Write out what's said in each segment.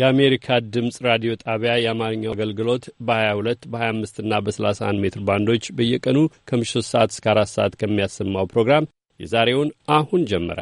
የአሜሪካ ድምፅ ራዲዮ ጣቢያ የአማርኛው አገልግሎት በ22 በ25 እና በ31 ሜትር ባንዶች በየቀኑ ከምሽቱ ሰዓት እስከ 4 ሰዓት ከሚያሰማው ፕሮግራም የዛሬውን አሁን ጀመረ።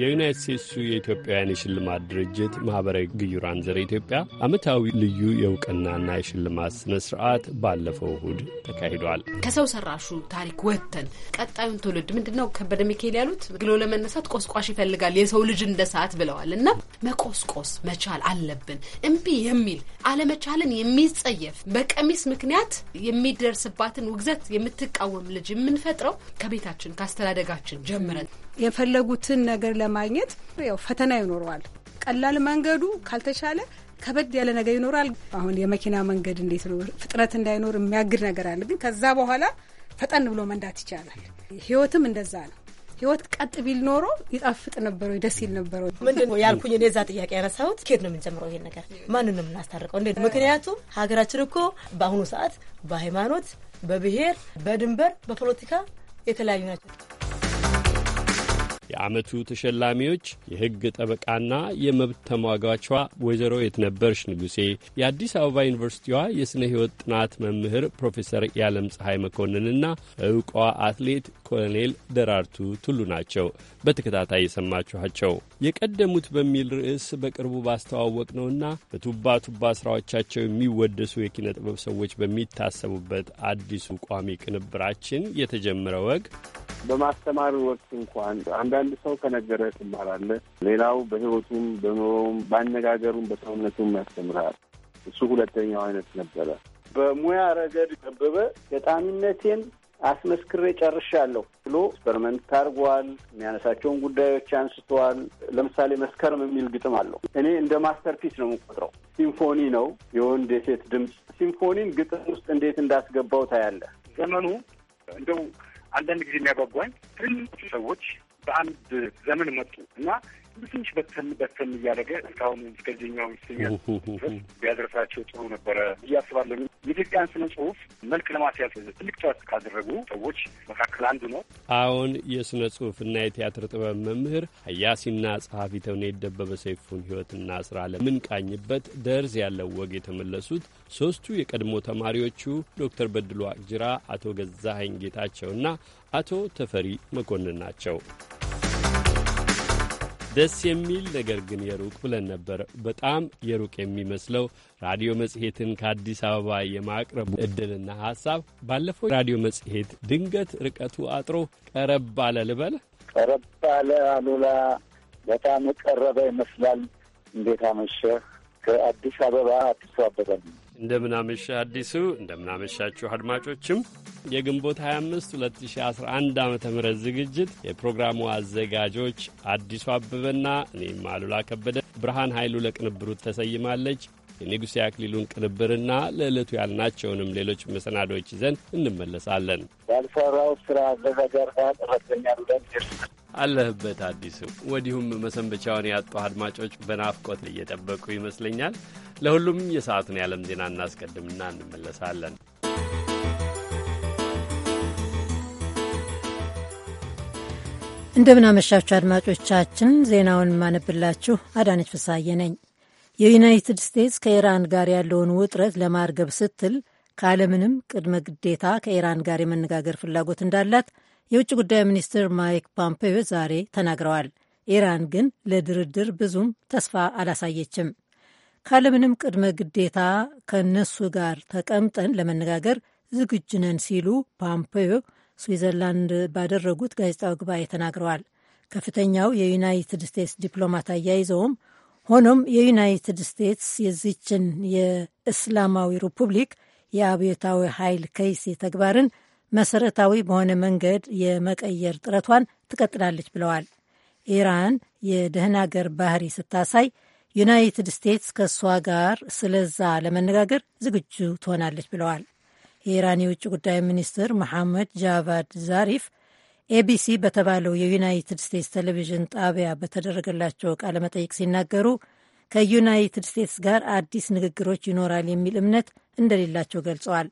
የዩናይት ስቴትሱ የኢትዮጵያውያን የሽልማት ድርጅት ማኅበራዊ ግዩራን ዘር ኢትዮጵያ ዓመታዊ ልዩ የእውቅናና የሽልማት ስነ ስርዓት ባለፈው እሁድ ተካሂዷል። ከሰው ሰራሹ ታሪክ ወጥተን ቀጣዩን ትውልድ ምንድን ነው ከበደ ሚካኤል ያሉት ግሎ ለመነሳት ቆስቋሽ ይፈልጋል የሰው ልጅ እንደ ሰዓት ብለዋል እና መቆስቆስ መቻል አለብን። እምቢ የሚል አለመቻልን የሚጸየፍ በቀሚስ ምክንያት የሚደርስባትን ውግዘት የምትቃወም ልጅ የምንፈጥረው ከቤታችን ከአስተዳደጋችን ጀምረን የፈለጉትን ነገር ለማግኘት ያው ፈተና ይኖረዋል። ቀላል መንገዱ ካልተቻለ ከበድ ያለ ነገር ይኖራል። አሁን የመኪና መንገድ እንዴት ነው ፍጥነት እንዳይኖር የሚያግድ ነገር አለ። ግን ከዛ በኋላ ፈጠን ብሎ መንዳት ይቻላል። ህይወትም እንደዛ ነው። ህይወት ቀጥ ቢል ኖሮ ይጣፍጥ ነበረ፣ ደስ ይል ነበረ። ምንድን ያልኩኝ እኔ እዛ ጥያቄ ያነሳሁት ኬት ነው የምንጀምረው? ይሄን ነገር ማንን ነው የምናስታርቀው? እንዴት? ምክንያቱም ሀገራችን እኮ በአሁኑ ሰዓት በሃይማኖት፣ በብሔር፣ በድንበር፣ በፖለቲካ የተለያዩ ናቸው። የዓመቱ ተሸላሚዎች የሕግ ጠበቃና የመብት ተሟጋቿ ወይዘሮ የትነበርሽ ንጉሴ፣ የአዲስ አበባ ዩኒቨርሲቲዋ የሥነ ሕይወት ጥናት መምህር ፕሮፌሰር የዓለም ፀሐይ መኮንንና ዕውቋ አትሌት ኮሎኔል ደራርቱ ቱሉ ናቸው። በተከታታይ የሰማችኋቸው የቀደሙት በሚል ርዕስ በቅርቡ ባስተዋወቅ ነውና በቱባ ቱባ ሥራዎቻቸው የሚወደሱ የኪነ ጥበብ ሰዎች በሚታሰቡበት አዲሱ ቋሚ ቅንብራችን የተጀመረ ወግ በማስተማር ወቅት እንኳን አንዳንድ ሰው ከነገረ ትማራለህ፣ ሌላው በህይወቱም በኑሮውም በአነጋገሩም በሰውነቱም ያስተምራል። እሱ ሁለተኛው አይነት ነበረ። በሙያ ረገድ ጠበበ ገጣሚነቴን አስመስክሬ ጨርሻለሁ ብሎ ኤክስፐሪመንት ታርጓል። የሚያነሳቸውን ጉዳዮች አንስተዋል። ለምሳሌ መስከረም የሚል ግጥም አለው። እኔ እንደ ማስተርፒስ ነው የምቆጥረው። ሲምፎኒ ነው፣ የወንድ የሴት ድምፅ። ሲምፎኒን ግጥም ውስጥ እንዴት እንዳስገባው ታያለህ። ዘመኑ እንደው አንዳንድ ጊዜ የሚያጓጓኝ ትልልቅ ሰዎች በአንድ ዘመን መጡ እና ትንሽ በተን በተን እያደረገ እስካሁን እስከዚህኛው ይስተኛል ቢያደረሳቸው ጥሩ ነበረ ብዬ የኢትዮጵያን ስነ ጽሁፍ መልክ ለማስያዝ ትልቅ ጥረት ካደረጉ ሰዎች መካከል አንዱ ነው። አሁን የስነ ጽሁፍና የቲያትር ጥበብ መምህር ሀያሲና ጸሐፊ ተውኔት ደበበ ሰይፉን ህይወትና ስራ ለምንቃኝበት ደርዝ ያለው ወግ የተመለሱት ሶስቱ የቀድሞ ተማሪዎቹ ዶክተር በድሉ አቅጅራ፣ አቶ ገዛሀኝ ጌታቸውና አቶ ተፈሪ መኮንን ናቸው። ደስ የሚል ነገር ግን የሩቅ ብለን ነበር። በጣም የሩቅ የሚመስለው ራዲዮ መጽሔትን ከአዲስ አበባ የማቅረቡ እድልና ሀሳብ ባለፈው ራዲዮ መጽሔት ድንገት ርቀቱ አጥሮ ቀረብ አለ ልበል፣ ቀረብ አለ አሉላ። በጣም ቀረበ ይመስላል። እንዴት አመሸህ? ከአዲስ አበባ አዲሱ አበበ ነው። እንደምናመሻ አዲሱ እንደምናመሻችሁ አድማጮችም የግንቦት 25 2011 ዓ ም ዝግጅት የፕሮግራሙ አዘጋጆች አዲሱ አበበና እኔም አሉላ ከበደ፣ ብርሃን ኃይሉ ለቅንብሩት ተሰይማለች። የንጉሴ አክሊሉን ቅንብርና ለዕለቱ ያልናቸውንም ሌሎች መሰናዶዎች ይዘን እንመለሳለን። ያልሰራው ስራ ለነገር ረተኛል አለህበት አዲሱ ወዲሁም መሰንበቻውን ያጡ አድማጮች በናፍቆት እየጠበቁ ይመስለኛል። ለሁሉም የሰዓቱን የዓለም ዜና እናስቀድምና እንመለሳለን። እንደምናመሻችሁ አድማጮቻችን፣ ዜናውን የማነብላችሁ አዳነች ፍሳዬ ነኝ። የዩናይትድ ስቴትስ ከኢራን ጋር ያለውን ውጥረት ለማርገብ ስትል ካለምንም ቅድመ ግዴታ ከኢራን ጋር የመነጋገር ፍላጎት እንዳላት የውጭ ጉዳይ ሚኒስትር ማይክ ፖምፔዮ ዛሬ ተናግረዋል። ኢራን ግን ለድርድር ብዙም ተስፋ አላሳየችም። ካለምንም ቅድመ ግዴታ ከነሱ ጋር ተቀምጠን ለመነጋገር ዝግጁ ነን ሲሉ ፖምፔዮ ስዊዘርላንድ ባደረጉት ጋዜጣዊ ጉባኤ ተናግረዋል። ከፍተኛው የዩናይትድ ስቴትስ ዲፕሎማት አያይዘውም ሆኖም የዩናይትድ ስቴትስ የዚችን የእስላማዊ ሪፑብሊክ የአብዮታዊ ኃይል ከይሲ ተግባርን መሰረታዊ በሆነ መንገድ የመቀየር ጥረቷን ትቀጥላለች ብለዋል። ኢራን የደህና አገር ባህሪ ስታሳይ ዩናይትድ ስቴትስ ከእሷ ጋር ስለዛ ለመነጋገር ዝግጁ ትሆናለች ብለዋል። የኢራን የውጭ ጉዳይ ሚኒስትር መሐመድ ጃቫድ ዛሪፍ ኤቢሲ በተባለው የዩናይትድ ስቴትስ ቴሌቪዥን ጣቢያ በተደረገላቸው ቃለ መጠይቅ ሲናገሩ ከዩናይትድ ስቴትስ ጋር አዲስ ንግግሮች ይኖራል የሚል እምነት እንደሌላቸው ገልጸዋል።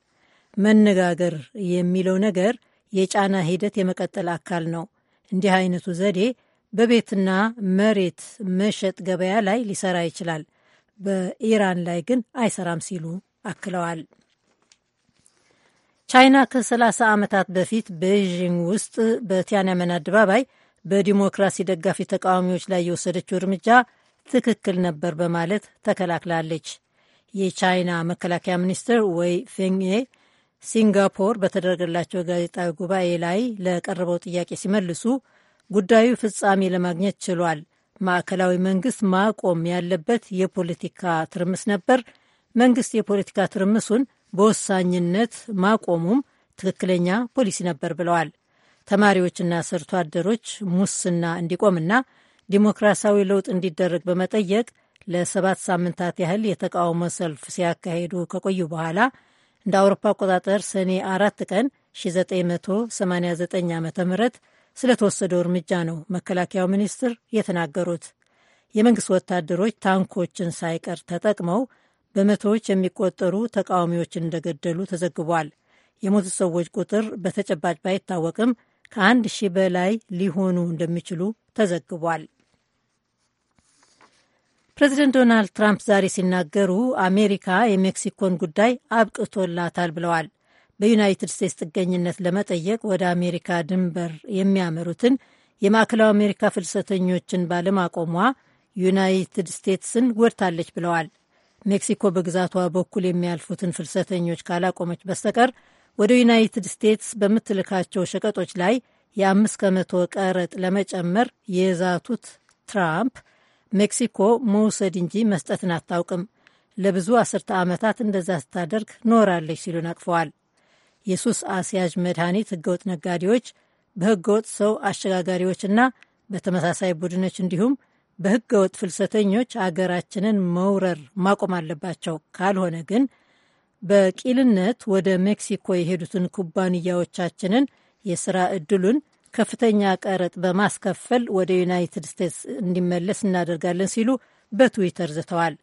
መነጋገር የሚለው ነገር የጫና ሂደት የመቀጠል አካል ነው። እንዲህ አይነቱ ዘዴ በቤትና መሬት መሸጥ ገበያ ላይ ሊሰራ ይችላል፣ በኢራን ላይ ግን አይሰራም ሲሉ አክለዋል። ቻይና ከ30 ዓመታት በፊት ቤይዥንግ ውስጥ በቲያንያመን አደባባይ በዲሞክራሲ ደጋፊ ተቃዋሚዎች ላይ የወሰደችው እርምጃ ትክክል ነበር በማለት ተከላክላለች። የቻይና መከላከያ ሚኒስትር ወይ ፌንግዬ ሲንጋፖር በተደረገላቸው ጋዜጣዊ ጉባኤ ላይ ለቀረበው ጥያቄ ሲመልሱ ጉዳዩ ፍጻሜ ለማግኘት ችሏል። ማዕከላዊ መንግስት ማቆም ያለበት የፖለቲካ ትርምስ ነበር። መንግስት የፖለቲካ ትርምሱን በወሳኝነት ማቆሙም ትክክለኛ ፖሊሲ ነበር ብለዋል። ተማሪዎችና ሰርቶ አደሮች ሙስና እንዲቆምና ዲሞክራሲያዊ ለውጥ እንዲደረግ በመጠየቅ ለሰባት ሳምንታት ያህል የተቃውሞ ሰልፍ ሲያካሂዱ ከቆዩ በኋላ እንደ አውሮፓ አቆጣጠር ሰኔ አራት ቀን 1989 ዓ ም ስለተወሰደው እርምጃ ነው መከላከያው ሚኒስትር የተናገሩት። የመንግሥት ወታደሮች ታንኮችን ሳይቀር ተጠቅመው በመቶዎች የሚቆጠሩ ተቃዋሚዎችን እንደገደሉ ተዘግቧል። የሞቱት ሰዎች ቁጥር በተጨባጭ ባይታወቅም ከአንድ ሺህ በላይ ሊሆኑ እንደሚችሉ ተዘግቧል። ፕሬዚደንት ዶናልድ ትራምፕ ዛሬ ሲናገሩ አሜሪካ የሜክሲኮን ጉዳይ አብቅቶላታል ብለዋል። በዩናይትድ ስቴትስ ጥገኝነት ለመጠየቅ ወደ አሜሪካ ድንበር የሚያመሩትን የማዕከላዊ አሜሪካ ፍልሰተኞችን ባለማቆሟ ዩናይትድ ስቴትስን ጎድታለች ብለዋል። ሜክሲኮ በግዛቷ በኩል የሚያልፉትን ፍልሰተኞች ካላቆመች በስተቀር ወደ ዩናይትድ ስቴትስ በምትልካቸው ሸቀጦች ላይ የአምስት ከመቶ ቀረጥ ለመጨመር የዛቱት ትራምፕ ሜክሲኮ መውሰድ እንጂ መስጠትን አታውቅም፣ ለብዙ አስርተ ዓመታት እንደዛ ስታደርግ ኖራለች ሲሉ ነቅፈዋል። የሱስ አስያዥ መድኃኒት ህገወጥ ነጋዴዎች፣ በህገወጥ ሰው አሸጋጋሪዎችና በተመሳሳይ ቡድኖች እንዲሁም በህገ ወጥ ፍልሰተኞች አገራችንን መውረር ማቆም አለባቸው። ካልሆነ ግን በቂልነት ወደ ሜክሲኮ የሄዱትን ኩባንያዎቻችንን የስራ እድሉን ከፍተኛ ቀረጥ በማስከፈል ወደ ዩናይትድ ስቴትስ እንዲመለስ እናደርጋለን ሲሉ በትዊተር ዝተዋል።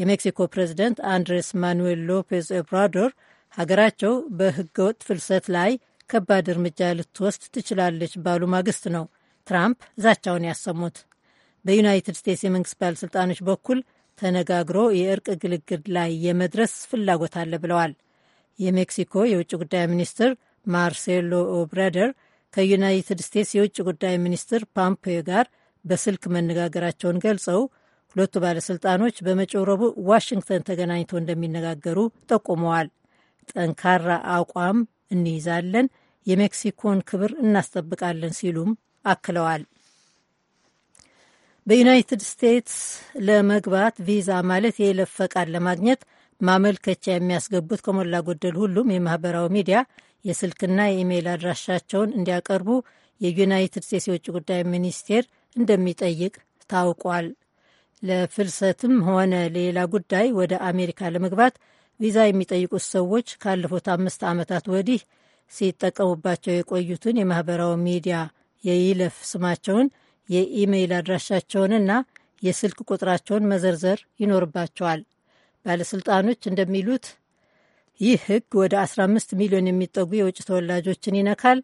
የሜክሲኮ ፕሬዚደንት አንድሬስ ማኑዌል ሎፔዝ ኤብራዶር ሀገራቸው በህገ ወጥ ፍልሰት ላይ ከባድ እርምጃ ልትወስድ ትችላለች ባሉ ማግስት ነው ትራምፕ ዛቻውን ያሰሙት። በዩናይትድ ስቴትስ የመንግስት ባለሥልጣኖች በኩል ተነጋግሮ የእርቅ ግልግል ላይ የመድረስ ፍላጎት አለ ብለዋል። የሜክሲኮ የውጭ ጉዳይ ሚኒስትር ማርሴሎ ኦብራደር ከዩናይትድ ስቴትስ የውጭ ጉዳይ ሚኒስትር ፖምፔዮ ጋር በስልክ መነጋገራቸውን ገልጸው ሁለቱ ባለሥልጣኖች በመጪው ረቡዕ ዋሽንግተን ተገናኝተው እንደሚነጋገሩ ጠቁመዋል። ጠንካራ አቋም እንይዛለን፣ የሜክሲኮን ክብር እናስጠብቃለን ሲሉም አክለዋል። በዩናይትድ ስቴትስ ለመግባት ቪዛ ማለት የይለፍ ፈቃድ ለማግኘት ማመልከቻ የሚያስገቡት ከሞላ ጎደል ሁሉም የማህበራዊ ሚዲያ የስልክና የኢሜይል አድራሻቸውን እንዲያቀርቡ የዩናይትድ ስቴትስ የውጭ ጉዳይ ሚኒስቴር እንደሚጠይቅ ታውቋል። ለፍልሰትም ሆነ ሌላ ጉዳይ ወደ አሜሪካ ለመግባት ቪዛ የሚጠይቁት ሰዎች ካለፉት አምስት ዓመታት ወዲህ ሲጠቀሙባቸው የቆዩትን የማህበራዊ ሚዲያ የይለፍ ስማቸውን የኢሜይል አድራሻቸውንና የስልክ ቁጥራቸውን መዘርዘር ይኖርባቸዋል። ባለሥልጣኖች እንደሚሉት ይህ ሕግ ወደ 15 ሚሊዮን የሚጠጉ የውጭ ተወላጆችን ይነካል።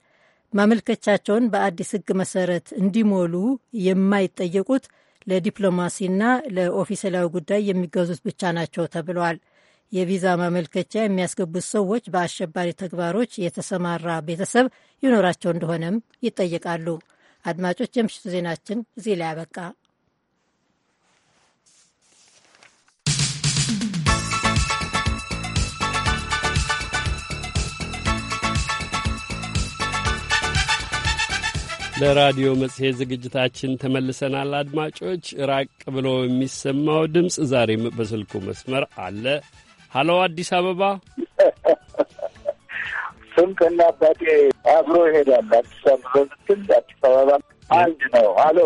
ማመልከቻቸውን በአዲስ ሕግ መሰረት እንዲሞሉ የማይጠየቁት ለዲፕሎማሲና ለኦፊሴላዊ ጉዳይ የሚገዙት ብቻ ናቸው ተብለዋል። የቪዛ ማመልከቻ የሚያስገቡት ሰዎች በአሸባሪ ተግባሮች የተሰማራ ቤተሰብ ይኖራቸው እንደሆነም ይጠየቃሉ። አድማጮች፣ የምሽቱ ዜናችን እዚህ ላይ አበቃ። ለራዲዮ መጽሔት ዝግጅታችን ተመልሰናል። አድማጮች ራቅ ብሎ የሚሰማው ድምፅ ዛሬም በስልኩ መስመር አለ። ሀሎ አዲስ አበባ ስም ከእነ አባቴ አብሮ ይሄዳል። አዲስ አበባ ስትል አዲስ አበባ አንድ ነው። አሎ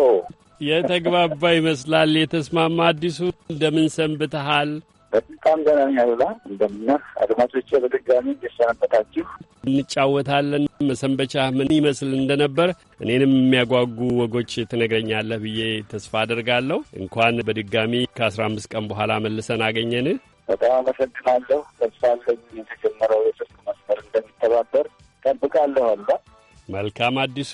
የተግባባ ይመስላል። የተስማማ አዲሱ እንደምን ሰንብተሃል? በጣም ደህና ነኝ አሉላ። እንደምና አድማጮቼ በድጋሚ እንደሰነበታችሁ። እንጫወታለን። መሰንበቻ ምን ይመስል እንደነበር እኔንም የሚያጓጉ ወጎች ትነግረኛለህ ብዬ ተስፋ አደርጋለሁ። እንኳን በድጋሚ ከአስራ አምስት ቀን በኋላ መልሰን አገኘንህ። በጣም አመሰግናለሁ። ተስፋ አለኝ የተጀመረው የስልክ መስመር እንደሚተባበር ጠብቃለሁ። አላ መልካም አዲሱ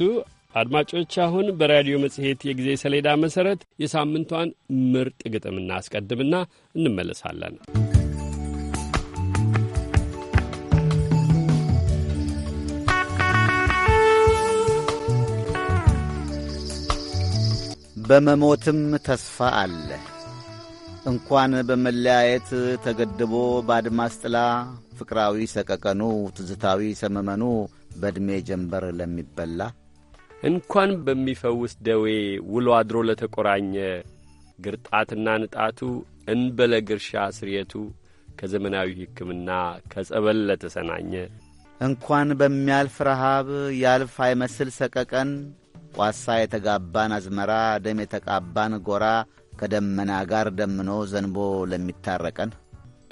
አድማጮች አሁን በራዲዮ መጽሔት የጊዜ ሰሌዳ መሠረት የሳምንቷን ምርጥ ግጥም እናስቀድምና እንመለሳለን። በመሞትም ተስፋ አለ እንኳን በመለያየት ተገድቦ በአድማስ ጥላ ፍቅራዊ ሰቀቀኑ ትዝታዊ ሰመመኑ በዕድሜ ጀንበር ለሚበላ እንኳን በሚፈውስ ደዌ ውሎ አድሮ ለተቆራኘ ግርጣትና ንጣቱ እንበለ ግርሻ ስርየቱ ከዘመናዊ ሕክምና ከጸበል ለተሰናኘ እንኳን በሚያልፍ ረሃብ ያልፍ አይመስል ሰቀቀን ቋሳ የተጋባን አዝመራ ደም የተቃባን ጎራ ከደመና ጋር ደምኖ ዘንቦ ለሚታረቀን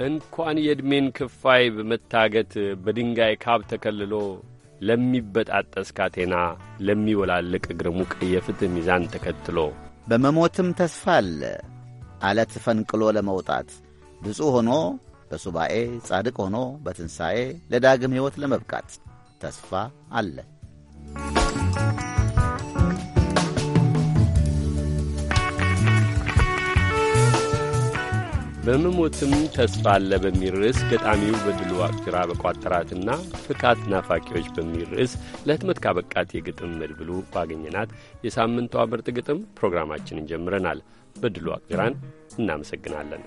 እንኳን የዕድሜን ክፋይ በመታገት በድንጋይ ካብ ተከልሎ ለሚበጣጠስ ካቴና ለሚወላልቅ እግር ሙቅ የፍትሕ ሚዛን ተከትሎ በመሞትም ተስፋ አለ አለት ፈንቅሎ ለመውጣት ብፁዕ ሆኖ በሱባኤ ጻድቅ ሆኖ በትንሣኤ ለዳግም ሕይወት ለመብቃት ተስፋ አለ። በመሞትም ተስፋ አለ በሚል ርዕስ ገጣሚው በድሉ አቅጅራ በቋጠራትና ፍካት ናፋቂዎች በሚል ርዕስ ለህትመት ካበቃት የግጥም መድብሉ ባገኘናት የሳምንቷ ምርጥ ግጥም ፕሮግራማችንን ጀምረናል። በድሉ አቅጅራን እናመሰግናለን።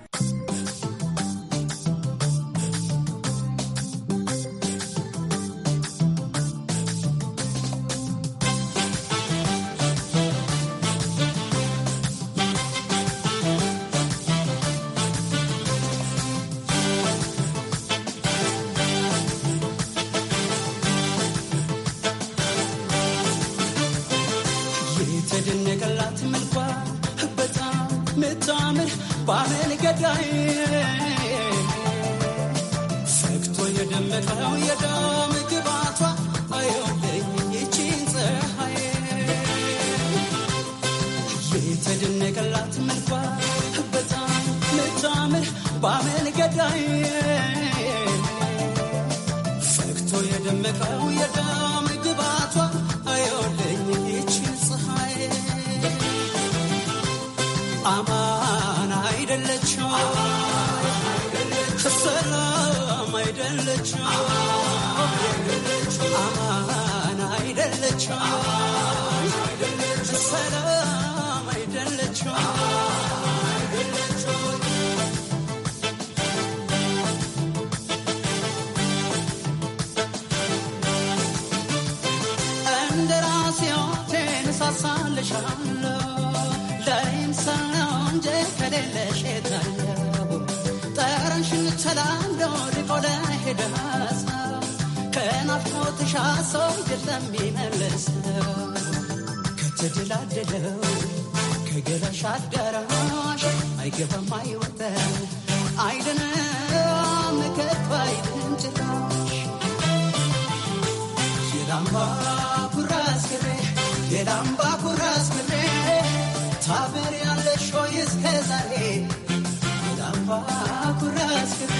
ትሻ ሰው ግርተን ቢመልስ ከተደላደለው ከገላሽ አዳራሽ አይገባም አይወተ አይደነም ከፋይ ጭራሽ የላምባ ኩራስ ክሬ የላምባ ኩራስ ክሬ ታበር ያለሽ ሆይ እስከ ዛሬ የላምባ ኩራስ ክሬ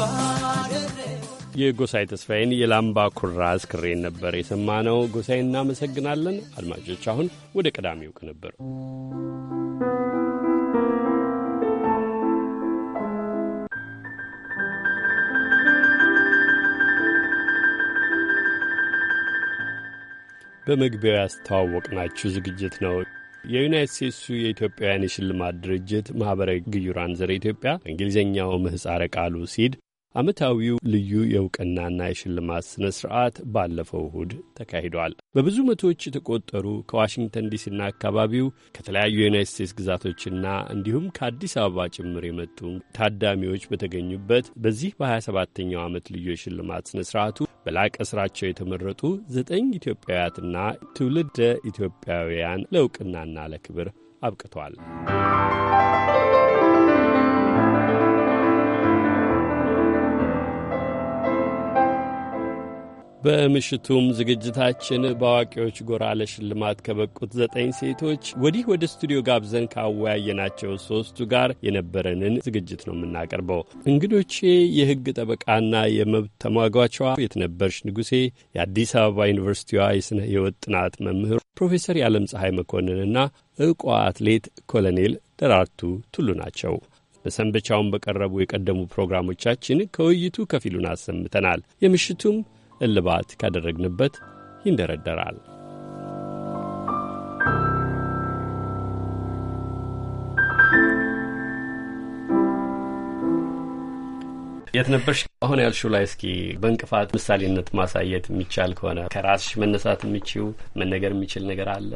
Bye. የጎሳይ ተስፋዬን የላምባ ኩራዝ ክሬን ነበር የሰማ ነው። እናመሰግናለን። አድማጮች አሁን ወደ ቀዳሚው ቅንብር በመግቢያው ያስተዋወቅናችሁ ዝግጅት ነው። የዩናይት ስቴትሱ የኢትዮጵያውያን የሽልማት ድርጅት ማኅበረ ግዩራን ዘር ኢትዮጵያ በእንግሊዝኛው ምህፃረ ቃሉ ሲድ ዓመታዊው ልዩ የእውቅናና የሽልማት ሥነ ሥርዓት ባለፈው እሁድ ተካሂዷል። በብዙ መቶዎች የተቆጠሩ ከዋሽንግተን ዲሲና አካባቢው ከተለያዩ የዩናይት ስቴትስ ግዛቶችና እንዲሁም ከአዲስ አበባ ጭምር የመጡ ታዳሚዎች በተገኙበት በዚህ በ27ኛው ዓመት ልዩ የሽልማት ሥነ ሥርዓቱ በላቀ ስራቸው የተመረጡ ዘጠኝ ኢትዮጵያውያትና ትውልደ ኢትዮጵያውያን ለእውቅናና ለክብር አብቅቷል። በምሽቱም ዝግጅታችን በአዋቂዎች ጎራ ለሽልማት ከበቁት ዘጠኝ ሴቶች ወዲህ ወደ ስቱዲዮ ጋብዘን ካወያየናቸው ሶስቱ ጋር የነበረንን ዝግጅት ነው የምናቀርበው። እንግዶቼ የሕግ ጠበቃና የመብት ተሟጓቿ የትነበርሽ ንጉሴ፣ የአዲስ አበባ ዩኒቨርሲቲዋ የሥነ ሕይወት ጥናት መምህር ፕሮፌሰር የዓለም ፀሐይ መኮንንና እቋ አትሌት ኮሎኔል ደራርቱ ቱሉ ናቸው። በሰንበቻውን በቀረቡ የቀደሙ ፕሮግራሞቻችን ከውይይቱ ከፊሉን አሰምተናል። የምሽቱም እልባት ካደረግንበት ይንደረደራል። የት ነበርሽ? አሁን ያልሽው ላይ እስኪ በእንቅፋት ምሳሌነት ማሳየት የሚቻል ከሆነ ከራስሽ መነሳት የሚችው መነገር የሚችል ነገር አለ?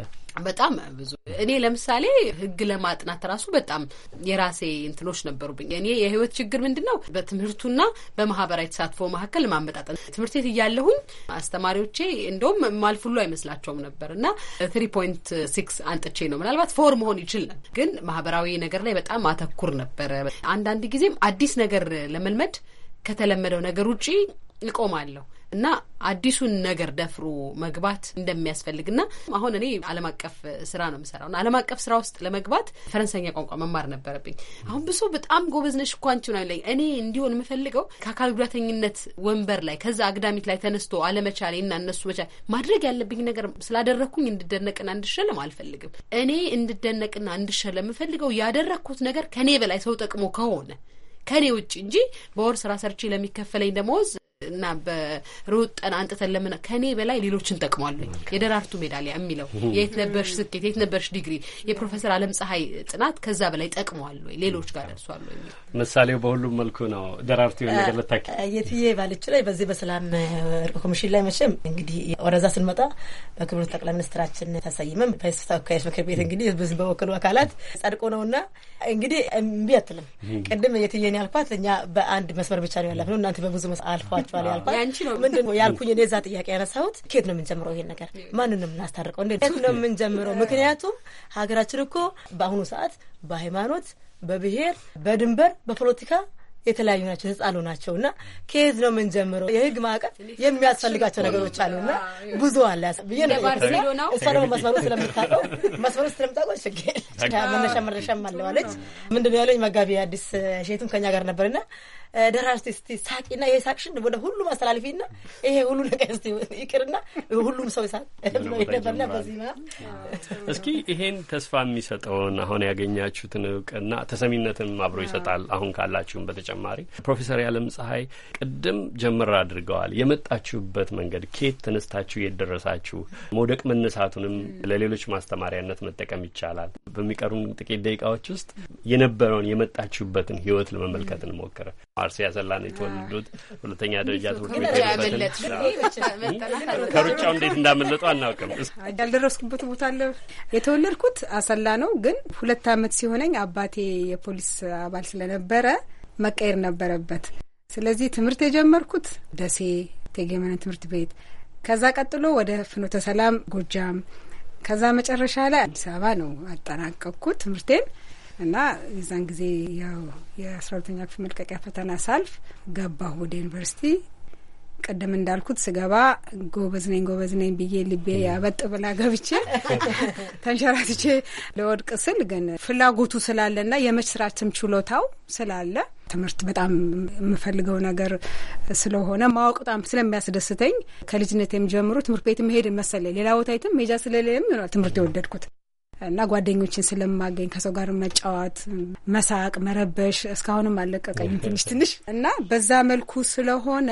በጣም ብዙ እኔ ለምሳሌ ህግ ለማጥናት ራሱ በጣም የራሴ እንትኖች ነበሩብኝ። እኔ የህይወት ችግር ምንድን ነው በትምህርቱና በማህበራዊ ተሳትፎ መካከል ማመጣጠን። ትምህርት ቤት እያለሁኝ አስተማሪዎቼ እንደውም ማልፍ ሁሉ አይመስላቸውም ነበር እና ትሪ ፖይንት ሲክስ አንጥቼ ነው ምናልባት ፎር መሆን ይችል ነበር፣ ግን ማህበራዊ ነገር ላይ በጣም አተኩር ነበረ። አንዳንድ ጊዜም አዲስ ነገር ለመልመድ ከተለመደው ነገር ውጪ እቆማለሁ። እና አዲሱን ነገር ደፍሮ መግባት እንደሚያስፈልግ ና አሁን እኔ ዓለም አቀፍ ስራ ነው የምሰራው እና ዓለም አቀፍ ስራ ውስጥ ለመግባት ፈረንሳይኛ ቋንቋ መማር ነበረብኝ። አሁን ብሶ በጣም ጎበዝ ነሽ እኮ አንቺን አይለኝ። እኔ እንዲሆን የምፈልገው ከአካል ጉዳተኝነት ወንበር ላይ ከዛ አግዳሚት ላይ ተነስቶ አለመቻሌ ና እነሱ መቻል ማድረግ ያለብኝ ነገር ስላደረግኩኝ እንድደነቅና እንድሸለም አልፈልግም። እኔ እንድደነቅና እንድሸለም የምፈልገው ያደረግኩት ነገር ከእኔ በላይ ሰው ጠቅሞ ከሆነ ከኔ ውጭ እንጂ በወር ስራ ሰርቼ ለሚከፈለኝ ደመወዝ እና በሩጥ ጠና አንጥተን ለምን ከኔ በላይ ሌሎችን ጠቅሟለኝ የደራርቱ ሜዳሊያ የሚለው የት ነበርሽ ስኬት የት ነበርሽ ዲግሪ የፕሮፌሰር አለም ፀሐይ ጥናት ከዛ በላይ ጠቅሟል ወይ ሌሎች ጋር ደርሷል ወይ ምሳሌው በሁሉም መልኩ ነው። ደራርቱ ነገር ልታክ የትዬ ባለች ላይ በዚህ በሰላም እርቅ ኮሚሽን ላይ መቼም እንግዲህ ወረዛ ስንመጣ በክብሩ ጠቅላይ ሚኒስትራችን ተሰይመም በህዝብ ተወካዮች ምክር ቤት እንግዲህ ህዝብ በወከሉ አካላት ጸድቆ ነውና እንግዲህ እምቢ አትልም። ቅድም የትዬን ያልኳት እኛ በአንድ መስመር ብቻ ነው ያለፍነው እናንተ በብዙ መስ አልፏል ይመስላችኋል ያልኳት ምንድን ነው ያልኩኝ እኔ እዛ ጥያቄ ያነሳሁት ኬት ነው የምንጀምረው? ይሄን ነገር ማንን ነው የምናስታርቀው? እንዴት ነው የምንጀምረው? ምክንያቱም ሀገራችን እኮ በአሁኑ ሰዓት በሃይማኖት፣ በብሔር፣ በድንበር፣ በፖለቲካ የተለያዩ ናቸው፣ የተጻሉ ናቸው እና ከየት ነው የምንጀምረው? የህግ ማዕቀፍ የሚያስፈልጋቸው ነገሮች አሉ እና ብዙ አለ ብዬ ነው። ደግሞ መስመሩ ስለምታውቀው መስመሩ ስለምታውቀው ችግር መነሻ መረሻም አለዋለች። ምንድን ነው ያለኝ መጋቢ አዲስ ሼቱም ከኛ ጋር ነበርና ደራርቱ ስቲ ሳቂና ይሄ የሳቅሽን ወደ ሁሉም አስተላልፊ ና ይሄ ሁሉ ነገር እስቲ ይቅርና ሁሉም ሰው ይሳቅ ነበርና በዚህ ና እስኪ ይሄን ተስፋ የሚሰጠውን አሁን ያገኛችሁትን እውቅና ተሰሚነትም አብሮ ይሰጣል። አሁን ካላችሁም በተጨማሪ ፕሮፌሰር ያለም ጸሀይ ቅድም ጀምር አድርገዋል። የመጣችሁበት መንገድ ኬት ተነስታችሁ የደረሳችሁ መውደቅ መነሳቱንም ለሌሎች ማስተማሪያነት መጠቀም ይቻላል። በሚቀሩን ጥቂት ደቂቃዎች ውስጥ የነበረውን የመጣችሁበትን ህይወት ለመመልከት እንሞክረ። አርሴ ያሰላን የተወለዱት ሁለተኛ ደረጃ ትምህርት ቤት ከሩጫው እንዴት እንዳመለጡ አናውቅም። ያልደረስኩበት ቦታ አለ። የተወለድኩት አሰላ ነው፣ ግን ሁለት አመት ሲሆነኝ አባቴ የፖሊስ አባል ስለነበረ መቀየር ነበረበት። ስለዚህ ትምህርት የጀመርኩት ደሴ ቴጌመነ ትምህርት ቤት ከዛ ቀጥሎ ወደ ፍኖተ ሰላም ጎጃም፣ ከዛ መጨረሻ ላይ አዲስ አበባ ነው አጠናቀቅኩት ትምህርቴን። እና የዛን ጊዜ ያው የአስራ ሁለተኛ ክፍል መልቀቂያ ፈተና ሳልፍ ገባሁ ወደ ዩኒቨርሲቲ። ቅድም እንዳልኩት ስገባ ጎበዝ ነኝ ጎበዝ ነኝ ብዬ ልቤ ያበጥ ብላ ገብቼ ተንሸራትቼ ለወድቅ ስል ግን ፍላጎቱ ስላለና የመስራትም ችሎታው ስላለ ትምህርት በጣም የምፈልገው ነገር ስለሆነ ማወቅ በጣም ስለሚያስደስተኝ ከልጅነት የምጀምሩ ትምህርት ቤት መሄድ መሰለኝ ሌላ ቦታ ይትም ሜጃ ስለሌለም ይሆናል ትምህርት የወደድኩት እና ጓደኞችን ስለማገኝ ከሰው ጋር መጫወት፣ መሳቅ፣ መረበሽ እስካሁንም አልለቀቀኝም ትንሽ ትንሽ እና በዛ መልኩ ስለሆነ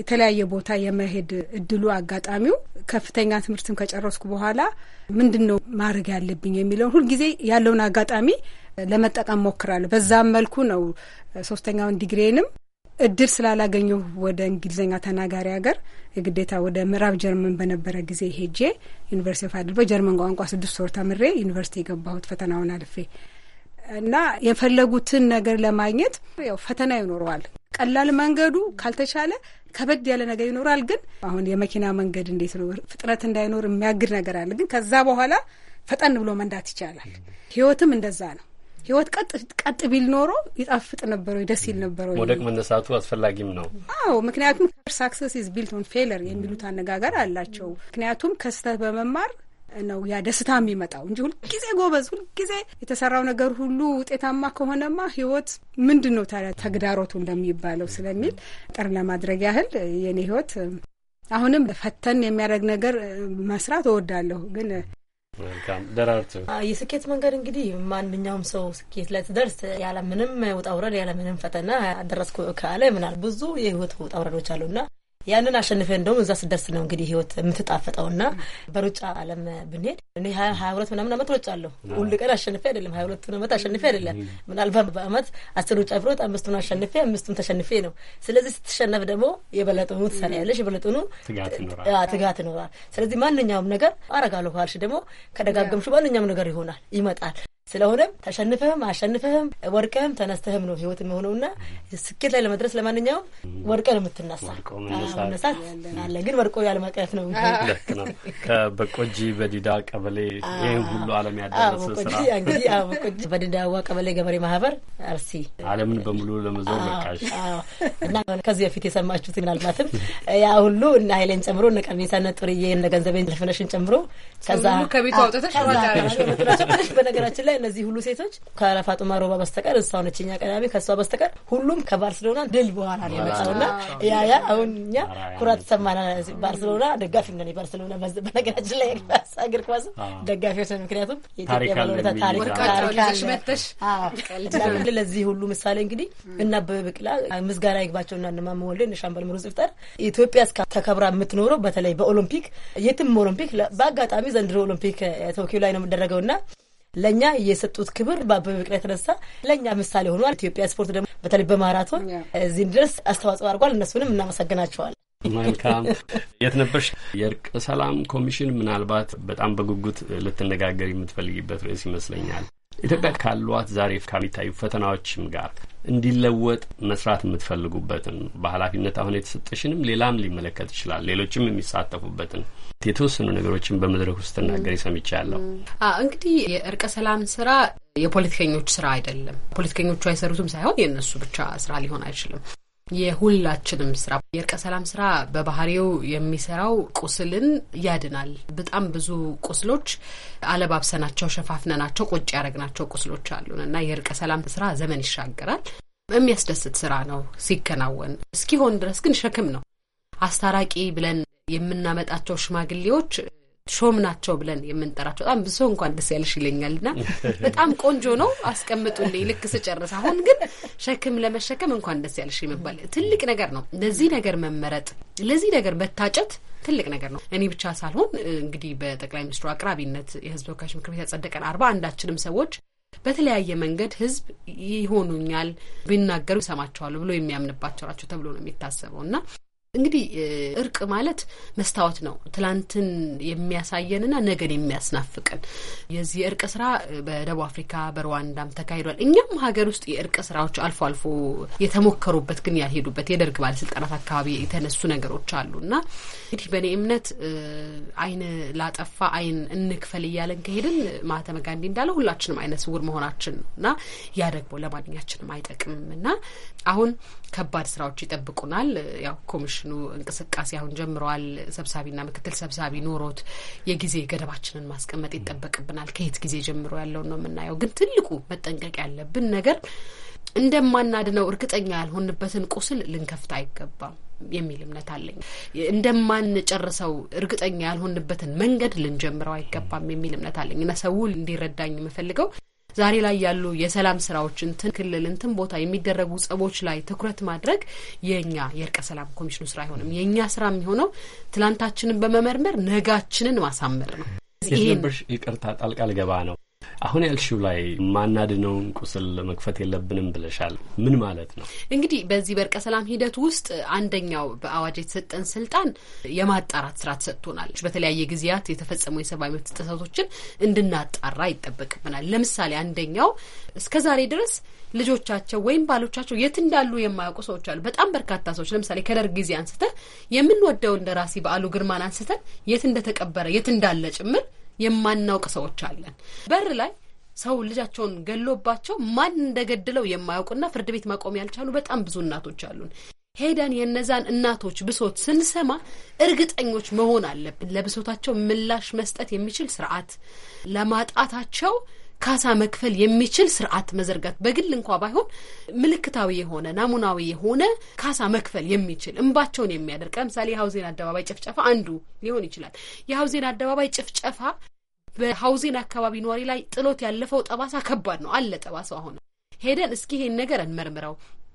የተለያየ ቦታ የመሄድ እድሉ አጋጣሚው ከፍተኛ ትምህርትም ከጨረስኩ በኋላ ምንድን ነው ማድረግ ያለብኝ የሚለውን ሁልጊዜ ያለውን አጋጣሚ ለመጠቀም ሞክራለሁ። በዛም መልኩ ነው ሶስተኛውን ዲግሪንም እድል ስላላገኘሁ ወደ እንግሊዝኛ ተናጋሪ ሀገር ግዴታ ወደ ምዕራብ ጀርመን በነበረ ጊዜ ሄጄ ዩኒቨርሲቲ ኦፍ ሃይደልበርግ በጀርመን ቋንቋ ስድስት ወር ተምሬ ዩኒቨርሲቲ የገባሁት ፈተናውን አልፌ እና የፈለጉትን ነገር ለማግኘት ያው ፈተና ይኖረዋል። ቀላል መንገዱ ካልተቻለ ከበድ ያለ ነገር ይኖራል። ግን አሁን የመኪና መንገድ እንዴት ነው ፍጥነት እንዳይኖር የሚያግድ ነገር አለ። ግን ከዛ በኋላ ፈጠን ብሎ መንዳት ይቻላል። ህይወትም እንደዛ ነው። ህይወት ቀጥ ቀጥ ቢል ኖሮ ይጣፍጥ ወይ ደስ ይል ነበረ። ወደቅ መነሳቱ አስፈላጊም ነው። አዎ፣ ምክንያቱም ሳክሰስ ኢዝ ቢልት ኦን ፌለር የሚሉት አነጋገር አላቸው። ምክንያቱም ከስተት በመማር ነው ያ ደስታ የሚመጣው እንጂ ሁልጊዜ ጎበዝ፣ ሁልጊዜ የተሰራው ነገር ሁሉ ውጤታማ ከሆነማ ህይወት ምንድን ነው ታዲያ ተግዳሮቱ እንደሚባለው ስለሚል ጥር ለማድረግ ያህል የኔ ህይወት አሁንም ፈተን የሚያደርግ ነገር መስራት እወዳለሁ ግን መልካም ደራርቱ፣ የስኬት መንገድ እንግዲህ ማንኛውም ሰው ስኬት ላይ ትደርስ ያለምንም ውጣውረድ ያለምንም ፈተና አደረስኩ ካለ ምናል ብዙ የህይወት ውጣውረዶች አሉና ያንን አሸንፈ እንደውም እዛ ስደርስ ነው እንግዲህ ህይወት የምትጣፈጠው ና በሩጫ አለም ብንሄድ እኔ ሀያ ሁለት ምናምን አመት ሮጫ አለሁ። ሁል ቀን አሸንፌ አይደለም ሀያ ሁለቱን አመት አሸንፌ አይደለም። ምናልባት በአመት አስር ሩጫ ብሮጥ አምስቱን አሸንፌ አምስቱን ተሸንፌ ነው። ስለዚህ ስትሸነፍ ደግሞ የበለጠኑ ትሰሪያለሽ፣ የበለጥኑ ትጋት ይኖራል። ስለዚህ ማንኛውም ነገር አረጋለሁ ካልሽ ደግሞ ከደጋገምሽ ማንኛውም ነገር ይሆናል፣ ይመጣል። ስለሆነም ተሸንፈህም አሸንፈህም ወድቀህም ተነስተህም ነው ህይወት የሚሆነው የሚሆነውና ስኬት ላይ ለመድረስ ለማንኛውም ወድቀ ነው የምትነሳ። መነሳት አለ ግን ወድቆ ያለመቅረት ነው። ልክ ነው። ከበቆጂ በዲዳ ቀበሌ ይህን ሁሉ አለም ያደረሰ ስራ እንግዲህ በቆጂ በዲዳዋ ቀበሌ ገበሬ ማህበር አርሲ አለምን በሙሉ ለመዞር በቃሽ እና ከዚህ በፊት የሰማችሁት ምናልባትም ያ ሁሉ እና ሀይሌን ጨምሮ እነ ቀነኒሳን ጥሩዬ እነ ገንዘቤን ዘፈነሽን ጨምሮ ከዛ ከቤቱ አውጥተሽ በነገራችን ላይ እነዚህ ሁሉ ሴቶች ከፋጡማ ሮባ በስተቀር እሷ ነችኛ ቀዳሚ ከእሷ በስተቀር ሁሉም ከባርሴሎና ድል በኋላ ነው የመጣው ያ ያ አሁን እኛ ኩራት ተሰማና ባርሴሎና ደጋፊ እንደኔ ባርሴሎና በነገራችን ላይ እግር ኳስ ደጋፊዎች ነው። ምክንያቱም የኢትዮጵያ ባለታ ታሪክታሪካለሽ ለዚህ ሁሉ ምሳሌ እንግዲህ እና አበበ ቢቂላ ምስጋና ይግባቸው እና እነ ማሞ ወልዴ እነ ሻምበል ምሩጽ ይፍጠር ኢትዮጵያ እስከ ተከብራ የምትኖረው በተለይ በኦሎምፒክ የትም ኦሎምፒክ በአጋጣሚ ዘንድሮ ኦሎምፒክ ቶኪዮ ላይ ነው የምደረገው እና ለእኛ የሰጡት ክብር በአበበ ቢቂላ የተነሳ ለእኛ ምሳሌ ሆኗል። ኢትዮጵያ ስፖርት ደግሞ በተለይ በማራቶን እዚህ ድረስ አስተዋጽኦ አድርጓል። እነሱንም እናመሰግናቸዋል። መልካም። የት ነበርሽ? የእርቅ ሰላም ኮሚሽን ምናልባት በጣም በጉጉት ልትነጋገር የምትፈልጊበት ርዕስ ይመስለኛል። ኢትዮጵያ ካሏት ዛሬ ከሚታዩ ፈተናዎችም ጋር እንዲለወጥ መስራት የምትፈልጉበትን በኃላፊነት አሁን የተሰጠሽንም ሌላም ሊመለከት ይችላል ሌሎችም የሚሳተፉበትን የተወሰኑ ነገሮችን በመድረክ ውስጥ ተናገሪ ሰምቻለሁ። እንግዲህ የእርቀ ሰላም ስራ የፖለቲከኞች ስራ አይደለም። ፖለቲከኞቹ አይሰሩትም ሳይሆን የእነሱ ብቻ ስራ ሊሆን አይችልም። የሁላችንም ስራ የእርቀ ሰላም ስራ በባህሪው የሚሰራው ቁስልን ያድናል። በጣም ብዙ ቁስሎች አለባብሰናቸው ሸፋፍነናቸው ቁጭ ያደረግናቸው ቁስሎች አሉን እና የእርቀ ሰላም ስራ ዘመን ይሻገራል። የሚያስደስት ስራ ነው ሲከናወን፣ እስኪሆን ድረስ ግን ሸክም ነው። አስታራቂ ብለን የምናመጣቸው ሽማግሌዎች ሾም ናቸው ብለን የምንጠራቸው በጣም ብሶ እንኳን ደስ ያለሽ ይለኛል ና በጣም ቆንጆ ነው አስቀምጡልኝ ልክ ስጨርስ። አሁን ግን ሸክም ለመሸከም እንኳን ደስ ያለሽ የሚባል ትልቅ ነገር ነው። ለዚህ ነገር መመረጥ፣ ለዚህ ነገር በታጨት ትልቅ ነገር ነው። እኔ ብቻ ሳልሆን እንግዲህ በጠቅላይ ሚኒስትሩ አቅራቢነት የህዝብ ተወካዮች ምክር ቤት ያጸደቀን አርባ አንዳችንም ሰዎች በተለያየ መንገድ ህዝብ ይሆኑኛል ቢናገሩ ይሰማቸዋሉ ብሎ የሚያምንባቸው ናቸው ተብሎ ነው የሚታሰበው እና እንግዲህ እርቅ ማለት መስታወት ነው። ትላንትን የሚያሳየንና ነገን የሚያስናፍቀን የዚህ የእርቅ ስራ በደቡብ አፍሪካ በሩዋንዳም ተካሂዷል። እኛም ሀገር ውስጥ የእርቅ ስራዎች አልፎ አልፎ የተሞከሩበት ግን ያልሄዱበት የደርግ ባለስልጣናት አካባቢ የተነሱ ነገሮች አሉ እና እንግዲህ በእኔ እምነት አይን ላጠፋ አይን እንክፈል እያለን ከሄድን ማህተመ ጋንዲ እንዳለ ሁላችንም አይነ ስውር መሆናችን ነው እና ያ ደግሞ ለማንኛችንም አይጠቅምም እና አሁን ከባድ ስራዎች ይጠብቁናል። ያው ኮሚሽኑ እንቅስቃሴ አሁን ጀምረዋል። ሰብሳቢና ምክትል ሰብሳቢ ኖሮት የጊዜ ገደባችንን ማስቀመጥ ይጠበቅብናል። ከየት ጊዜ ጀምሮ ያለውን ነው የምናየው። ግን ትልቁ መጠንቀቅ ያለብን ነገር እንደማናድነው እርግጠኛ ያልሆንበትን ቁስል ልንከፍት አይገባም የሚል እምነት አለኝ። እንደማንጨርሰው እርግጠኛ ያልሆንበትን መንገድ ልንጀምረው አይገባም የሚል እምነት አለኝ እና ሰው እንዲረዳኝ የምፈልገው ዛሬ ላይ ያሉ የሰላም ስራዎችን ትን ክልል እንትን ቦታ የሚደረጉ ጸቦች ላይ ትኩረት ማድረግ የእኛ የእርቀ ሰላም ኮሚሽኑ ስራ አይሆንም። የእኛ ስራ የሚሆነው ትላንታችንን በመመርመር ነጋችንን ማሳመር ነው። ይሄ ይቅርታ ጣልቃ ልገባ ነው አሁን ያልሽው ላይ ማናድነውን ቁስል መክፈት የለብንም ብለሻል። ምን ማለት ነው? እንግዲህ በዚህ በእርቀ ሰላም ሂደት ውስጥ አንደኛው በአዋጅ የተሰጠን ስልጣን የማጣራት ስራ ተሰጥቶናል። በተለያየ ጊዜያት የተፈጸሙ የሰብአዊ መብት ጥሰቶችን እንድናጣራ ይጠበቅብናል። ለምሳሌ አንደኛው እስከ ዛሬ ድረስ ልጆቻቸው ወይም ባሎቻቸው የት እንዳሉ የማያውቁ ሰዎች አሉ። በጣም በርካታ ሰዎች ለምሳሌ ከደርግ ጊዜ አንስተን የምንወደው እንደራሲ በዓሉ ግርማን አንስተን የት እንደተቀበረ የት እንዳለ ጭምር የማናውቅ ሰዎች አለን። በር ላይ ሰው ልጃቸውን ገሎባቸው ማን እንደገድለው የማያውቁና ፍርድ ቤት ማቆም ያልቻሉ በጣም ብዙ እናቶች አሉን። ሄደን የእነዛን እናቶች ብሶት ስንሰማ እርግጠኞች መሆን አለብን። ለብሶታቸው ምላሽ መስጠት የሚችል ስርዓት ለማጣታቸው ካሳ መክፈል የሚችል ስርዓት መዘርጋት በግል እንኳ ባይሆን ምልክታዊ የሆነ ናሙናዊ የሆነ ካሳ መክፈል የሚችል እንባቸውን የሚያደርግ ለምሳሌ የሀውዜን አደባባይ ጭፍጨፋ አንዱ ሊሆን ይችላል። የሀውዜን አደባባይ ጭፍጨፋ በሀውዜን አካባቢ ነዋሪ ላይ ጥሎት ያለፈው ጠባሳ ከባድ ነው። አለ ጠባሳው አሁን ሄደን እስኪ ይሄን ነገር እንመርምረው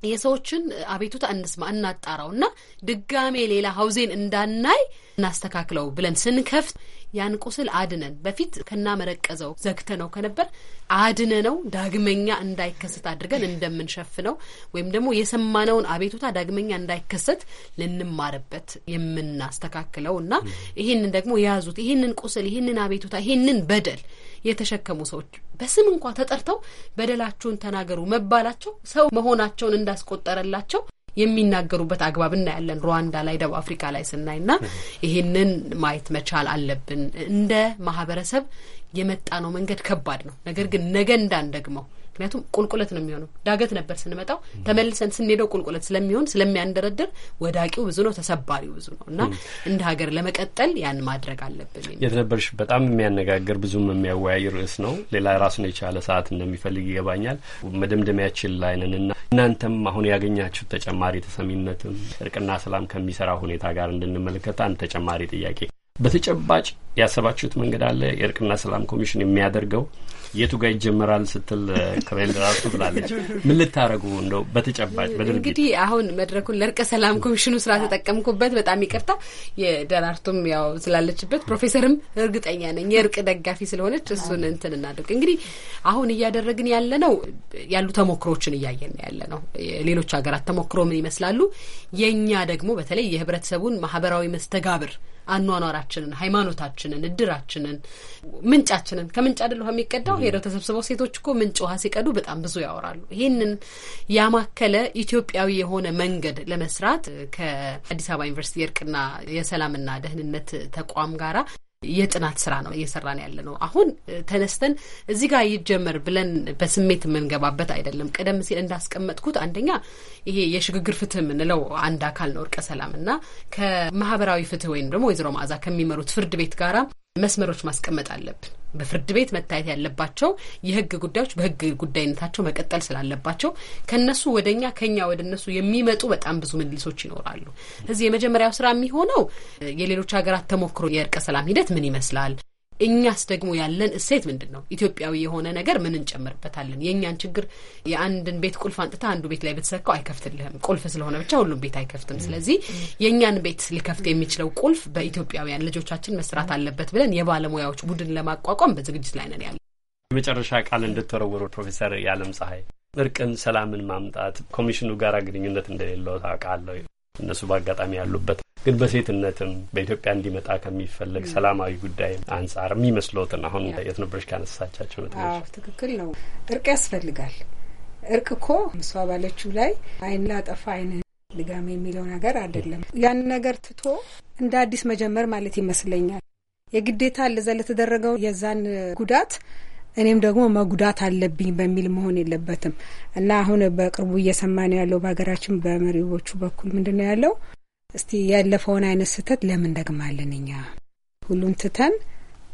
የሰዎችን አቤቱታ እንስማ፣ እናጣራው እና ድጋሜ ሌላ ሀውዜን እንዳናይ እናስተካክለው ብለን ስንከፍት ያን ቁስል አድነን በፊት ከናመረቀዘው ዘግተ ነው ከነበር አድነ ነው ዳግመኛ እንዳይከሰት አድርገን እንደምንሸፍነው ወይም ደግሞ የሰማነውን አቤቱታ ዳግመኛ እንዳይከሰት ልንማርበት የምናስተካክለው እና ይህንን ደግሞ የያዙት ይህንን ቁስል ይህንን አቤቱታ ይህንን በደል የተሸከሙ ሰዎች በስም እንኳ ተጠርተው በደላችሁን ተናገሩ መባላቸው ሰው መሆናቸውን እንዳስቆጠረላቸው የሚናገሩበት አግባብ እናያለን። ሩዋንዳ ላይ፣ ደቡብ አፍሪካ ላይ ስናይ እና ይህንን ማየት መቻል አለብን። እንደ ማህበረሰብ የመጣ ነው መንገድ ከባድ ነው። ነገር ግን ነገ ደግመው ምክንያቱም ቁልቁለት ነው የሚሆነው። ዳገት ነበር ስንመጣው፣ ተመልሰን ስንሄደው ቁልቁለት ስለሚሆን ስለሚያንደረድር ወዳቂው ብዙ ነው፣ ተሰባሪው ብዙ ነው እና እንደ ሀገር ለመቀጠል ያን ማድረግ አለብን። የተነበርሽ በጣም የሚያነጋግር ብዙም የሚያወያይ ርዕስ ነው። ሌላ ራሱን የቻለ ሰዓት እንደሚፈልግ ይገባኛል። መደምደሚያችን ላይ ነን እና እናንተም አሁን ያገኛችሁት ተጨማሪ ተሰሚነትም እርቅና ሰላም ከሚሰራ ሁኔታ ጋር እንድንመለከት አንድ ተጨማሪ ጥያቄ በተጨባጭ ያሰባችሁት መንገድ አለ? የእርቅና ሰላም ኮሚሽን የሚያደርገው የቱ ጋር ይጀመራል ስትል ክሬል ራሱ ብላለች። ምን ልታደረጉ እንደው በተጨባጭ በድርጊት እንግዲህ አሁን መድረኩን ለእርቀ ሰላም ኮሚሽኑ ስራ ተጠቀምኩበት። በጣም ይቅርታ። የደራርቱም ያው ስላለችበት ፕሮፌሰርም እርግጠኛ ነኝ የእርቅ ደጋፊ ስለሆነች እሱን እንትን እናድርግ። እንግዲህ አሁን እያደረግን ያለ ነው ያሉ ተሞክሮችን እያየን ያለ ነው። ሌሎች ሀገራት ተሞክሮ ምን ይመስላሉ? የእኛ ደግሞ በተለይ የህብረተሰቡን ማህበራዊ መስተጋብር አኗኗራችንን፣ ሃይማኖታችንን፣ እድራችንን፣ ምንጫችንን ከምንጭ አይደል ውሃ የሚቀዳው ሄደው ተሰብስበው ሴቶች እኮ ምንጭ ውሃ ሲቀዱ በጣም ብዙ ያወራሉ። ይህንን ያማከለ ኢትዮጵያዊ የሆነ መንገድ ለመስራት ከአዲስ አበባ ዩኒቨርሲቲ የእርቅና የሰላምና ደህንነት ተቋም ጋራ የጥናት ስራ ነው እየሰራን ያለ ነው። አሁን ተነስተን እዚህ ጋር ይጀመር ብለን በስሜት የምንገባበት አይደለም። ቀደም ሲል እንዳስቀመጥኩት አንደኛ ይሄ የሽግግር ፍትህ የምንለው አንድ አካል ነው እርቀ ሰላም እና ከማህበራዊ ፍትህ ወይም ደግሞ ወይዘሮ መዓዛ ከሚመሩት ፍርድ ቤት ጋራ መስመሮች ማስቀመጥ አለብን። በፍርድ ቤት መታየት ያለባቸው የህግ ጉዳዮች በህግ ጉዳይነታቸው መቀጠል ስላለባቸው ከነሱ ወደ እኛ ከኛ ወደ እነሱ የሚመጡ በጣም ብዙ ምልልሶች ይኖራሉ። እዚህ የመጀመሪያው ስራ የሚሆነው የሌሎች ሀገራት ተሞክሮ የእርቀ ሰላም ሂደት ምን ይመስላል እኛስ ደግሞ ያለን እሴት ምንድን ነው? ኢትዮጵያዊ የሆነ ነገር ምን እንጨምርበታለን? የእኛን ችግር የአንድን ቤት ቁልፍ አንጥታ አንዱ ቤት ላይ ብትሰካው አይከፍትልህም። ቁልፍ ስለሆነ ብቻ ሁሉም ቤት አይከፍትም። ስለዚህ የእኛን ቤት ሊከፍት የሚችለው ቁልፍ በኢትዮጵያውያን ልጆቻችን መስራት አለበት ብለን የባለሙያዎች ቡድን ለማቋቋም በዝግጅት ላይ ነን። ያለ የመጨረሻ ቃል እንድትወረውሩ ፕሮፌሰር የአለም ፀሐይ እርቅን፣ ሰላምን ማምጣት ኮሚሽኑ ጋር ግንኙነት እንደሌለው ታውቃለሁ። እነሱ በአጋጣሚ ያሉበት ግን በሴትነትም በኢትዮጵያ እንዲመጣ ከሚፈለግ ሰላማዊ ጉዳይ አንጻር የሚመስለትን አሁን የት ነበረች ካነሳቻቸው ነጥቦች ትክክል ነው። እርቅ ያስፈልጋል። እርቅ እኮ ምስዋ ባለችው ላይ አይን ላጠፋ አይን ልጋም የሚለው ነገር አይደለም። ያን ነገር ትቶ እንደ አዲስ መጀመር ማለት ይመስለኛል። የግዴታ ለዛ ለተደረገው የዛን ጉዳት እኔም ደግሞ መጉዳት አለብኝ በሚል መሆን የለበትም እና አሁን በቅርቡ እየሰማ ነው ያለው በሀገራችን በመሪዎቹ በኩል ምንድን ነው ያለው? እስቲ ያለፈውን አይነት ስህተት ለምን ደግማለን? እኛ ሁሉም ትተን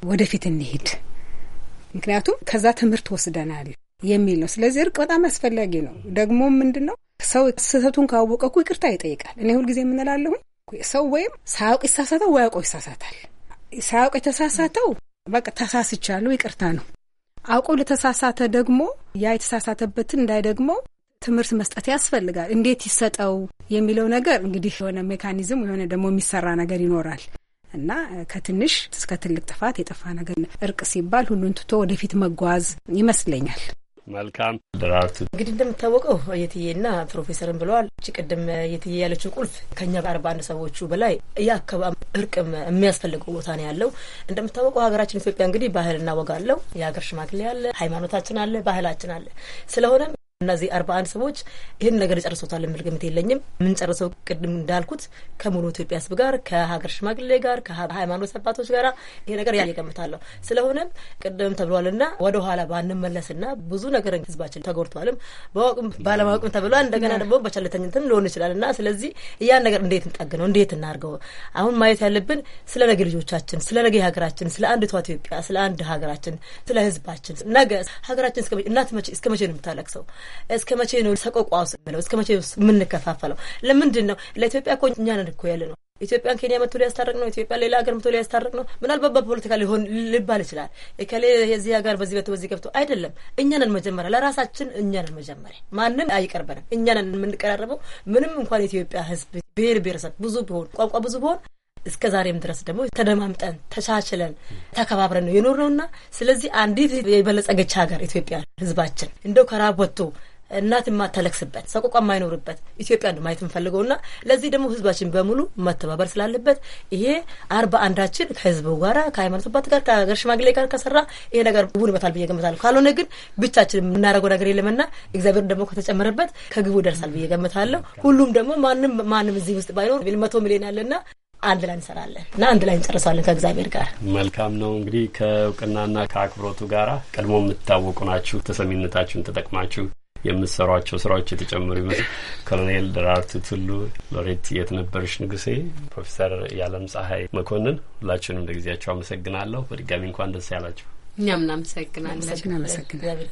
ወደፊት እንሄድ፣ ምክንያቱም ከዛ ትምህርት ወስደናል የሚል ነው። ስለዚህ እርቅ በጣም አስፈላጊ ነው። ደግሞ ምንድን ነው ሰው ስህተቱን ካወቀ እኮ ይቅርታ ይጠይቃል። እኔ ሁልጊዜ የምንላለሁኝ ሰው ወይም ሳያውቅ ይሳሳተው፣ ወያውቀው ይሳሳታል። ሳያውቅ የተሳሳተው በቃ ተሳስቻለሁ ይቅርታ ነው አውቆ ለተሳሳተ ደግሞ ያ የተሳሳተበትን እንዳይደግመው ትምህርት መስጠት ያስፈልጋል። እንዴት ይሰጠው የሚለው ነገር እንግዲህ የሆነ ሜካኒዝም የሆነ ደግሞ የሚሰራ ነገር ይኖራል እና ከትንሽ እስከ ትልቅ ጥፋት የጠፋ ነገር እርቅ ሲባል ሁሉን ትቶ ወደፊት መጓዝ ይመስለኛል። መልካም ደራርቱ እንግዲህ እንደሚታወቀው የትዬና ፕሮፌሰርም ብለዋል። ች ቅድም የትዬ ያለችው ቁልፍ ከኛ በአርባ አንድ ሰዎቹ በላይ ይህ እርቅም እርቅ የሚያስፈልገው ቦታ ነው ያለው። እንደምታወቀው ሀገራችን ኢትዮጵያ እንግዲህ ባህልና ወጋ አለው። የሀገር ሽማግሌ አለ፣ ሃይማኖታችን አለ፣ ባህላችን አለ። ስለሆነም እነዚህ አርባ አንድ ሰዎች ይህን ነገር ይጨርሶታል የሚል ግምት የለኝም። የምንጨርሰው ቅድም እንዳልኩት ከሙሉ ኢትዮጵያ ሕዝብ ጋር፣ ከሀገር ሽማግሌ ጋር፣ ከሃይማኖት አባቶች ጋር ይሄ ነገር ያ ይገምታለሁ። ስለሆነም ቅድም ተብሏልና ወደኋላ ባንመለስና ብዙ ነገር ሕዝባችን ተጎድቷልም በወቅም ባለማወቅም ተብሏል። እንደገና ደግሞ በቸልተኝነትም ሊሆን ይችላል እና ስለዚህ እያን ነገር እንዴት እንጠግ ነው እንዴት እናርገው? አሁን ማየት ያለብን ስለ ነገ ልጆቻችን፣ ስለ ነገ ሀገራችን፣ ስለ አንዲቷ ኢትዮጵያ፣ ስለ አንድ ሀገራችን፣ ስለ ሕዝባችን ነገ ሀገራችን እስከ መቼ ነው የምታለቅሰው? እስከ መቼ ነው ሰቆቋ ውስጥ ምለው? እስከ መቼ የምንከፋፈለው? ለምንድን ነው? ለኢትዮጵያ እኮ እኛ ነን እኮ ያለ ነው። ኢትዮጵያን ኬንያ መቶ ሊያስታርቅ ነው። ኢትዮጵያ ሌላ ሀገር መቶ ሊያስታርቅ ነው። ምናልባት በፖለቲካ ሊሆን ሊባል ይችላል። ከሌ የዚህ ሀገር በዚህ ገብቶ በዚህ ገብቶ አይደለም። እኛ ነን መጀመሪያ፣ ለራሳችን እኛ ነን መጀመሪያ። ማንም አይቀርበንም። እኛ ነን የምንቀራረበው። ምንም እንኳን የኢትዮጵያ ህዝብ ብሄር ብሔረሰብ ብዙ ቢሆን ቋንቋ ብዙ ቢሆን እስከ ዛሬም ድረስ ደግሞ ተደማምጠን ተቻችለን ተከባብረን ነው ነውና ስለዚህ አንዲት የበለጸገች ሀገር ኢትዮጵያ ህዝባችን እንደው ከራብ ወጥቶ እናት የማታለቅስበት ሰቆቋ የማይኖርበት ኢትዮጵያ ነው ማየት የምፈልገውና ለዚህ ደግሞ ህዝባችን በሙሉ መተባበር ስላለበት ይሄ አርባ አንዳችን ከህዝቡ ጋራ ከሃይማኖት አባት ጋር ከሀገር ሽማግሌ ጋር ከሰራ ይሄ ነገር ግቡን ይመታል ብዬ ገምታለሁ። ካልሆነ ግን ብቻችን የምናደርገው ነገር የለምና እግዚአብሔር ደግሞ ከተጨመረበት ከግቡ ይደርሳል ብዬ ገምታለሁ። ሁሉም ደግሞ ማንም ማንም እዚህ ውስጥ ባይኖር መቶ ሚሊዮን ያለና አንድ ላይ እንሰራለን እና አንድ ላይ እንጨርሳለን ከእግዚአብሔር ጋር። መልካም ነው እንግዲህ ከእውቅናና ከአክብሮቱ ጋራ ቀድሞ የምትታወቁ ናችሁ። ተሰሚነታችሁን ተጠቅማችሁ የምትሰሯቸው ስራዎች የተጨመሩ ይመስል ኮሎኔል ደራርቱ ቱሉ፣ ሎሬት የተነበረች ንጉሴ፣ ፕሮፌሰር ያለም ፀሐይ መኮንን ሁላችሁንም ለጊዜያቸው አመሰግናለሁ። በድጋሚ እንኳን ደስ ያላችሁ። እኛም እናመሰግናለን።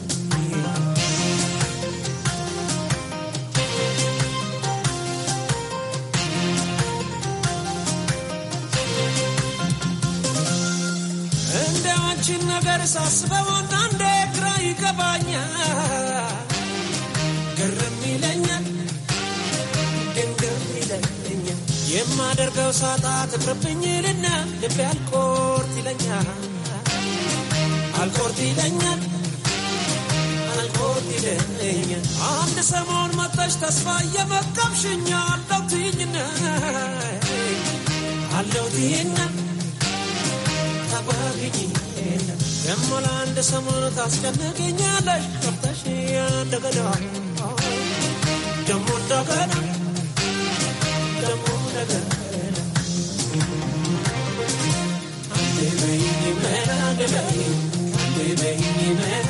ነገር ሳስበው አንዳንዴ ግራ ይገባኛል። ግርም ይለኛል፣ ድንግርም ይለኛል። የማደርገው ሳጣ ትቅርብኝ ይልና ልቤ አልቆርት ይለኛል፣ አልቆርት ይለኛል፣ አንድ ሰሞን መጥተሽ ተስፋ እየመቀምሽኛ አለው ትይኝና አለው ትይና ተባብኝ የለም ለአንድ ሰሞን ታስጨንቅኛለሽ ከፍተሽ እንደገና ደግሞ እንደገና ደግሞ እንደገና አንዴ በይኝ መና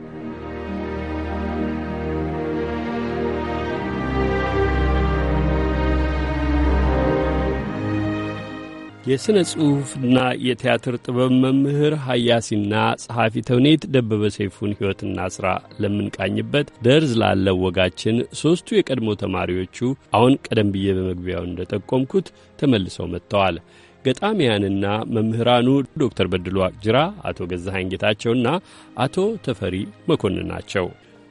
የሥነ ጽሑፍና የቲያትር ጥበብ መምህር ሐያሲና ጸሐፊ ተውኔት ደበበ ሰይፉን ሕይወትና ሥራ ለምንቃኝበት ደርዝ ላለው ወጋችን ሦስቱ የቀድሞ ተማሪዎቹ አሁን ቀደም ብዬ በመግቢያው እንደጠቆምኩት ተመልሰው መጥተዋል። ገጣሚያንና መምህራኑ ዶክተር በድሉ አቅጅራ፣ አቶ ገዛሐኝ ጌታቸውና አቶ ተፈሪ መኮንን ናቸው።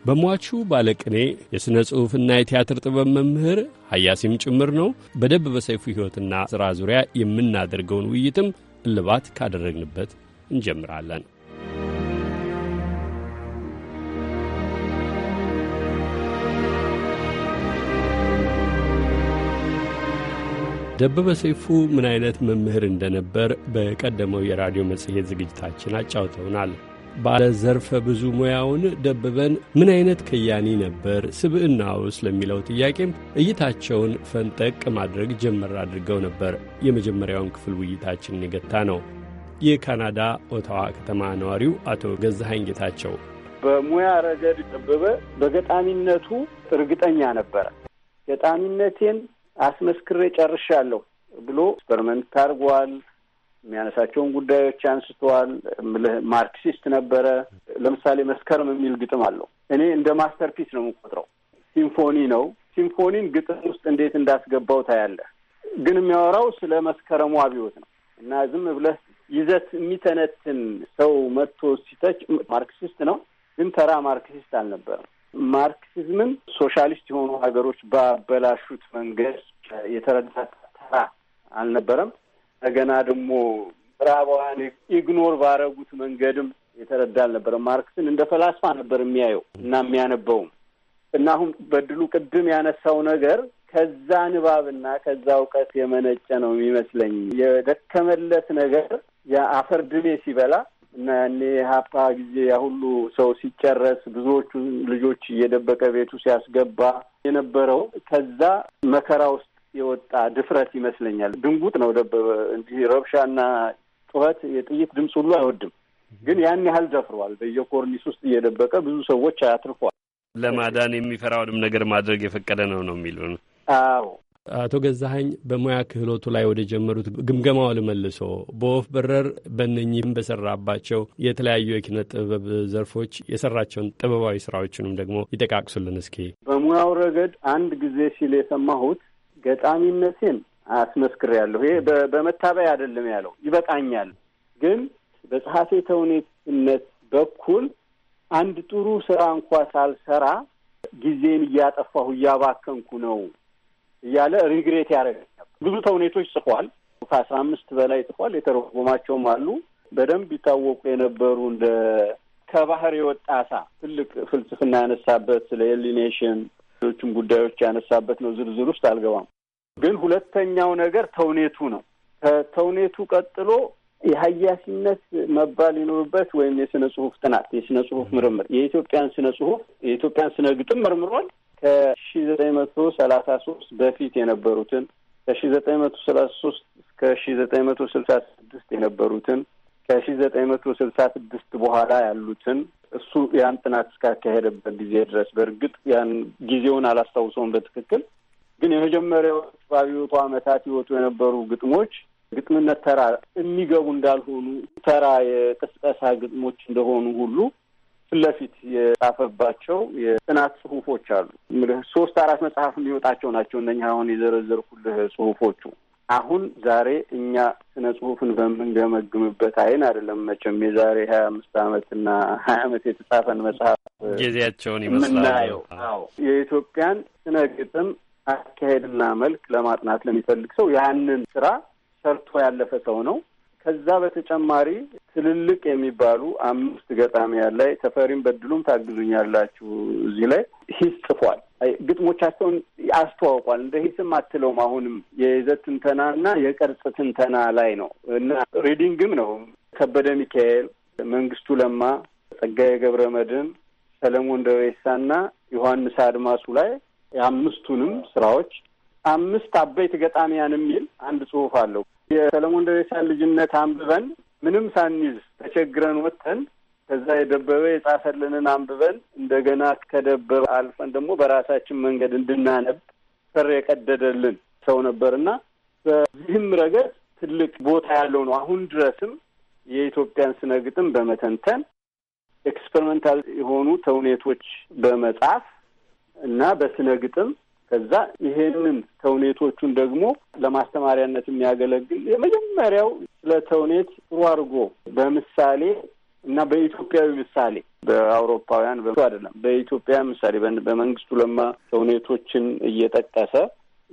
በሟቹ ባለቅኔ የሥነ ጽሑፍና የቲያትር ጥበብ መምህር ሐያሲም ጭምር ነው። በደብ በሰይፉ ሕይወትና ሥራ ዙሪያ የምናደርገውን ውይይትም እልባት ካደረግንበት እንጀምራለን። ደበበ ሰይፉ ምን አይነት መምህር እንደነበር በቀደመው የራዲዮ መጽሔት ዝግጅታችን አጫውተውናል። ባለ ዘርፈ ብዙ ሙያውን ደብበን ምን አይነት ከያኒ ነበር ስብዕናውስ ለሚለው ጥያቄም እይታቸውን ፈንጠቅ ማድረግ ጀመር አድርገው ነበር። የመጀመሪያውን ክፍል ውይይታችንን የገታ ነው የካናዳ ኦታዋ ከተማ ነዋሪው አቶ ገዛሐኝ ጌታቸው። በሙያ ረገድ ደበበ በገጣሚነቱ እርግጠኛ ነበረ። ገጣሚነቴን አስመስክሬ ጨርሻለሁ ብሎ ኤክስፐሪመንት ታርጓል። የሚያነሳቸውን ጉዳዮች አንስተዋል። ማርክሲስት ነበረ። ለምሳሌ መስከረም የሚል ግጥም አለው። እኔ እንደ ማስተርፒስ ነው የምቆጥረው። ሲምፎኒ ነው። ሲምፎኒን ግጥም ውስጥ እንዴት እንዳስገባው ታያለህ። ግን የሚያወራው ስለ መስከረሙ አብዮት ነው እና ዝም ብለህ ይዘት የሚተነትን ሰው መጥቶ ሲተች ማርክሲስት ነው፣ ግን ተራ ማርክሲስት አልነበረም። ማርክሲዝምን ሶሻሊስት የሆኑ ሀገሮች ባበላሹት መንገድ የተረዳ ተራ አልነበረም። እንደገና ደግሞ ምዕራባውያን ኢግኖር ባረጉት መንገድም የተረዳ አልነበረም። ማርክስን እንደ ፈላስፋ ነበር የሚያየው እና የሚያነበውም እና አሁን በድሉ ቅድም ያነሳው ነገር ከዛ ንባብና ከዛ እውቀት የመነጨ ነው የሚመስለኝ። የደከመለት ነገር የአፈር ድሜ ሲበላ እና ያኔ ሀፓ ጊዜ ያሁሉ ሰው ሲጨረስ ብዙዎቹ ልጆች እየደበቀ ቤቱ ሲያስገባ የነበረው ከዛ መከራ ውስጥ የወጣ ድፍረት ይመስለኛል። ድንጉጥ ነው ደበበ። እንዲህ ረብሻና ጩኸት የጥይት ድምፅ ሁሉ አይወድም፣ ግን ያን ያህል ደፍሯል። በየኮርኒስ ውስጥ እየደበቀ ብዙ ሰዎች አያትርፏል። ለማዳን የሚፈራውንም ነገር ማድረግ የፈቀደ ነው ነው የሚሉን። አዎ አቶ ገዛሀኝ በሙያ ክህሎቱ ላይ ወደ ጀመሩት ግምገማው ልመልሶ በወፍ በረር በእነኚህም በሰራባቸው የተለያዩ የኪነ ጥበብ ዘርፎች የሰራቸውን ጥበባዊ ስራዎችንም ደግሞ ይጠቃቅሱልን እስኪ። በሙያው ረገድ አንድ ጊዜ ሲል የሰማሁት ገጣሚነቴን አስመስክሬያለሁ። ይሄ በመታበያ አይደለም ያለው ይበቃኛል። ግን በጸሐፌ ተውኔትነት በኩል አንድ ጥሩ ስራ እንኳ ሳልሰራ ጊዜን እያጠፋሁ እያባከንኩ ነው እያለ ሪግሬት ያደረገኛል። ብዙ ተውኔቶች ጽፏል። ከአስራ አምስት በላይ ጽፏል። የተረጎማቸውም አሉ። በደንብ ይታወቁ የነበሩ እንደ ከባህር የወጣ ዓሳ ትልቅ ፍልስፍና ያነሳበት ስለ ኤሊኔሽን ሌሎችም ጉዳዮች ያነሳበት ነው። ዝርዝር ውስጥ አልገባም። ግን ሁለተኛው ነገር ተውኔቱ ነው። ከተውኔቱ ቀጥሎ የሀያሲነት መባል ይኖርበት ወይም የስነ ጽሁፍ ጥናት፣ የስነ ጽሁፍ ምርምር የኢትዮጵያን ስነ ጽሁፍ የኢትዮጵያን ስነ ግጥም መርምሯል። ከሺ ዘጠኝ መቶ ሰላሳ ሶስት በፊት የነበሩትን ከሺ ዘጠኝ መቶ ሰላሳ ሶስት እስከ ሺ ዘጠኝ መቶ ስልሳ ስድስት የነበሩትን ከሺ ዘጠኝ መቶ ስልሳ ስድስት በኋላ ያሉትን እሱ ያን ጥናት እስካካሄደበት ጊዜ ድረስ በእርግጥ ያን ጊዜውን አላስታውሰውም በትክክል ግን የመጀመሪያው ባቢዎቱ ዓመታት ይወጡ የነበሩ ግጥሞች ግጥምነት ተራ የሚገቡ እንዳልሆኑ ተራ የቅስቀሳ ግጥሞች እንደሆኑ ሁሉ ፊት ለፊት የጻፈባቸው የጥናት ጽሁፎች አሉ። ሶስት አራት መጽሐፍ የሚወጣቸው ናቸው እነኛ አሁን የዘረዘርኩልህ ጽሁፎቹ አሁን ዛሬ እኛ ስነ ጽሁፍን በምንገመግምበት አይን አይደለም። መቼም የዛሬ ሀያ አምስት አመትና ሀያ አመት የተጻፈን መጽሐፍ ጊዜያቸውን ይመስላል የኢትዮጵያን ስነ ግጥም አካሄድና መልክ ለማጥናት ለሚፈልግ ሰው ያንን ስራ ሰርቶ ያለፈ ሰው ነው። ከዛ በተጨማሪ ትልልቅ የሚባሉ አምስት ገጣሚያን ላይ ተፈሪም በድሉም ታግዙኛላችሁ እዚህ ላይ ሂስ ጽፏል። ግጥሞቻቸውን አስተዋውቋል። እንደ ሂስም አትለውም። አሁንም የይዘት እና የቅርጽ ትንተና ላይ ነው እና ሪዲንግም ነው። ከበደ ሚካኤል፣ መንግስቱ ለማ፣ ጸጋዬ ገብረ መድን፣ ሰለሞን ደሬሳ ና ዮሐንስ አድማሱ ላይ የአምስቱንም ስራዎች አምስት አበይት ገጣሚያን የሚል አንድ ጽሁፍ አለው። የሰለሞን ደሬሳን ልጅነት አንብበን ምንም ሳንይዝ ተቸግረን ወጥተን ከዛ የደበበ የጻፈልንን አንብበን እንደገና ከደበበ አልፈን ደግሞ በራሳችን መንገድ እንድናነብ ፈር የቀደደልን ሰው ነበርና በዚህም ረገድ ትልቅ ቦታ ያለው ነው። አሁን ድረስም የኢትዮጵያን ስነ ግጥም በመተንተን ኤክስፐሪመንታል የሆኑ ተውኔቶች በመጻፍ እና በስነ ግጥም ከዛ ይሄንን ተውኔቶቹን ደግሞ ለማስተማሪያነት የሚያገለግል የመጀመሪያው ስለ ተውኔት ጥሩ አድርጎ በምሳሌ እና በኢትዮጵያዊ ምሳሌ በአውሮፓውያን አይደለም፣ በኢትዮጵያ ምሳሌ በመንግስቱ ለማ ተውኔቶችን እየጠቀሰ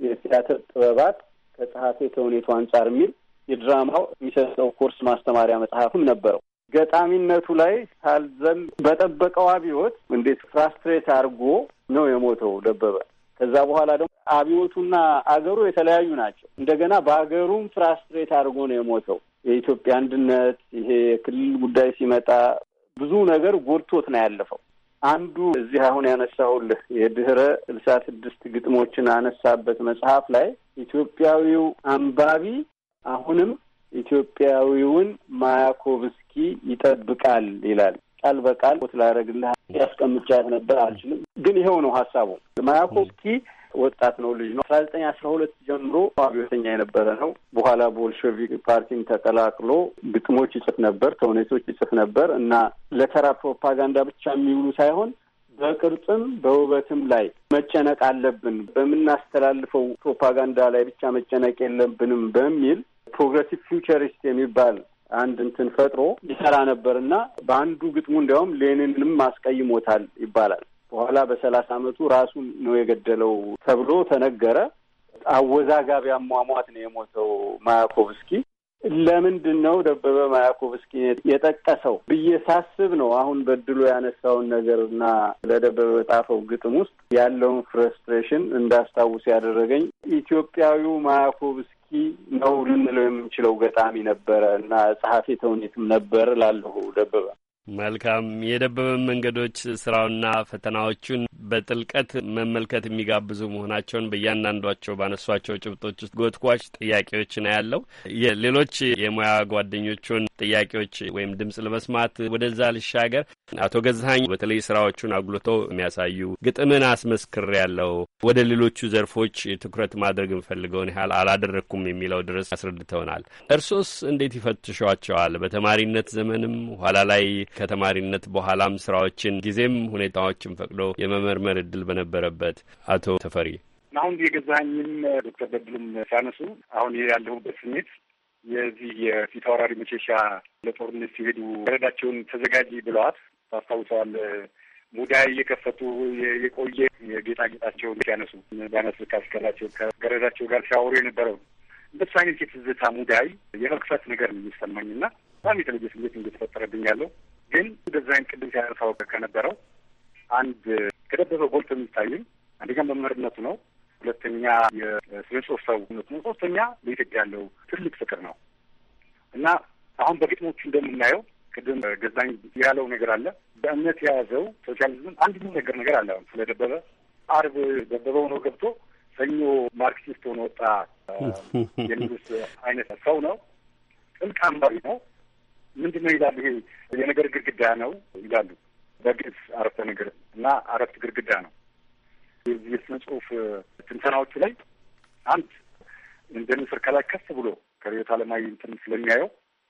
የቲያትር ጥበባት ከጸሐፌ ተውኔቱ አንጻር የሚል የድራማው የሚሰጠው ኮርስ ማስተማሪያ መጽሐፍም ነበረው። ገጣሚነቱ ላይ ሳልዘን በጠበቀው አብዮት እንዴት ፍራስትሬት አድርጎ ነው የሞተው ደበበ። ከዛ በኋላ ደግሞ አብዮቱና አገሩ የተለያዩ ናቸው። እንደገና በሀገሩም ፍራስትሬት አድርጎ ነው የሞተው። የኢትዮጵያ አንድነት ይሄ የክልል ጉዳይ ሲመጣ ብዙ ነገር ጎድቶት ነው ያለፈው። አንዱ እዚህ አሁን ያነሳሁልህ የድህረ ስልሳ ስድስት ግጥሞችን አነሳበት መጽሐፍ ላይ ኢትዮጵያዊው አንባቢ አሁንም ኢትዮጵያዊውን ማያኮቭስኪ ይጠብቃል ይላል። ቃል በቃል ት ላደረግልህ ያስቀምጫት ነበር አልችልም፣ ግን ይኸው ነው ሀሳቡ። ማያኮቭስኪ ወጣት ነው፣ ልጅ ነው። አስራ ዘጠኝ አስራ ሁለት ጀምሮ አብዮተኛ የነበረ ነው። በኋላ ቦልሸቪክ ፓርቲን ተቀላቅሎ ግጥሞች ይጽፍ ነበር፣ ተውኔቶች ይጽፍ ነበር እና ለተራ ፕሮፓጋንዳ ብቻ የሚውሉ ሳይሆን በቅርጽም በውበትም ላይ መጨነቅ አለብን፣ በምናስተላልፈው ፕሮፓጋንዳ ላይ ብቻ መጨነቅ የለብንም በሚል ፕሮግረሲቭ ፊውቸሪስት የሚባል አንድ እንትን ፈጥሮ ይሰራ ነበር እና በአንዱ ግጥሙ እንዲያውም ማስቀይ አስቀይሞታል ይባላል። በኋላ በሰላሳ አመቱ ራሱን ነው የገደለው ተብሎ ተነገረ። አወዛጋቢ አሟሟት ነው የሞተው ማያኮቭስኪ። ለምንድን ነው ደበበ ማያኮቭስኪ የጠቀሰው ብዬ ሳስብ ነው አሁን በድሉ ያነሳውን ነገር እና ለደበበ ጣፈው ግጥም ውስጥ ያለውን ፍረስትሬሽን እንዳስታውስ ያደረገኝ ኢትዮጵያዊው ማያኮቭስኪ ነው ልንለው የምንችለው ገጣሚ ነበረ እና ጸሐፊ ተውኔትም ነበር ላለሁ ደበበ መልካም የደበበ መንገዶች ስራውና ፈተናዎቹን በጥልቀት መመልከት የሚጋብዙ መሆናቸውን በእያንዳንዷቸው ባነሷቸው ጭብጦች ውስጥ ጥያቄዎች ጥያቄዎችን ያለው ሌሎች የሙያ ጓደኞቹን ጥያቄዎች ወይም ድምጽ ለመስማት ወደዛ ልሻገር። አቶ ገዛሀኝ በተለይ ስራዎቹን አጉልቶ የሚያሳዩ ግጥምን አስመስክር ያለው ወደ ሌሎቹ ዘርፎች ትኩረት ማድረግ የምፈልገውን ያህል አላደረግኩም የሚለው ድረስ አስረድተውናል። እርሶስ እንዴት ይፈትሿቸዋል? በተማሪነት ዘመንም ኋላ ላይ ከተማሪነት በኋላም ስራዎችን ጊዜም ሁኔታዎችን ፈቅዶ የመመርመር እድል በነበረበት አቶ ተፈሪ አሁን የገዛኸኝም ዶክተር በድሉም ሲያነሱ አሁን ያለሁበት ስሜት የዚህ የፊት አውራሪ መቼሻ ለጦርነት ሲሄዱ ረዳቸውን ተዘጋጅ ብለዋት ታስታውሰዋል። ሙዳ እየከፈቱ የቆየ የጌጣጌጣቸውን ሲያነሱ ባነስልካ ስከላቸው ከገረዳቸው ጋር ሲያወሩ የነበረው እንደሱ አይነት የትዝታ ሙዳይ የመክፈት ነገር ነው የሚሰማኝ እና በጣም የተለየ ስሜት እንደተፈጠረብኝ ያለው ግን ወደዛን ቅድም ሲያነሳው ከነበረው አንድ ከደበበ ጎልቶ የሚታይም አንደኛ መምህርነቱ ነው። ሁለተኛ የስነ ጽሁፍ ሰውነቱ ነው። ሶስተኛ በኢትዮጵያ ያለው ትልቅ ፍቅር ነው እና አሁን በግጥሞቹ እንደምናየው ቅድም ገዛኝ ያለው ነገር አለ። በእምነት የያዘው ሶሻሊዝም አንድ ነገር ነገር አለ። አሁን ስለ ደበበ አርብ ደበበ ሆኖ ገብቶ ሰኞ ማርክሲስት ሆኖ ወጣ የሚሉት አይነት ሰው ነው። ጥልቅ አንባቢ ነው። ምንድን ነው ይላሉ። ይሄ የነገር ግድግዳ ነው ይላሉ በግዕዝ አረፍተ ነገር እና አረፍት ግድግዳ ነው። የዚህ የስነ ጽሁፍ ትንተናዎቹ ላይ አንድ እንደ ንስር ከላይ ከፍ ብሎ ከርዕዮተ ዓለማዊ እንትን ስለሚያየው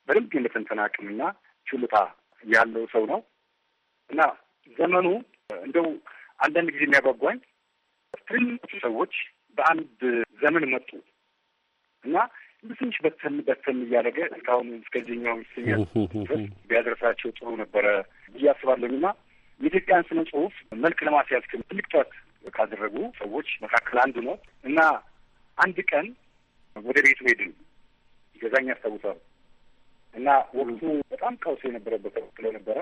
በደንብ የመተንተን አቅምና ችሎታ ያለው ሰው ነው እና ዘመኑ እንደው አንዳንድ ጊዜ የሚያጓጓኝ ትንሽ ሰዎች በአንድ ዘመን መጡ እና ትንሽ በተን በተን እያደረገ እስካሁን እስከዚህኛው ይሰኛል ቢያደርሳቸው ጥሩ ነበረ ብዬ አስባለሁ እና የኢትዮጵያን ስነ ጽሁፍ መልክ ለማስያዝ ትልቅ ጥረት ካደረጉ ሰዎች መካከል አንዱ ነው እና አንድ ቀን ወደ ቤቱ ሄድን። ይገዛኝ ያስታውሳል እና ወቅቱ በጣም ቀውስ የነበረበት ስለነበረ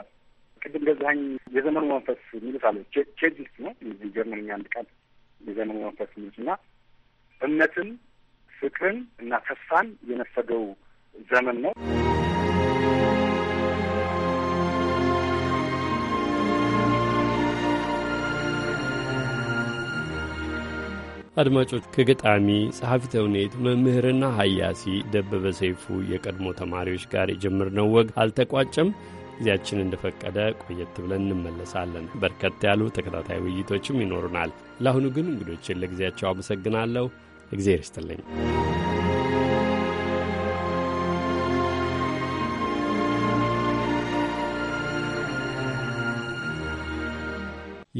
ቅድም ገዛኝ የዘመኑ መንፈስ የሚሉት አለ ቼጅሊስት ነው እዚህ ጀርመንኛ አንድ ቃል የዘመኑ መንፈስ የሚሉት እና እምነትን ፍቅርን እና ተስፋን የነፈገው ዘመን ነው። አድማጮች ከገጣሚ ጸሐፊ ተውኔት መምህርና ሀያሲ ደበበ ሰይፉ የቀድሞ ተማሪዎች ጋር የጀመርነው ወግ አልተቋጨም። ጊዜያችን እንደፈቀደ ቆየት ብለን እንመለሳለን። በርከት ያሉ ተከታታይ ውይይቶችም ይኖሩናል። ለአሁኑ ግን እንግዶችን ለጊዜያቸው አመሰግናለሁ። እግዜር ይስጥልኝ።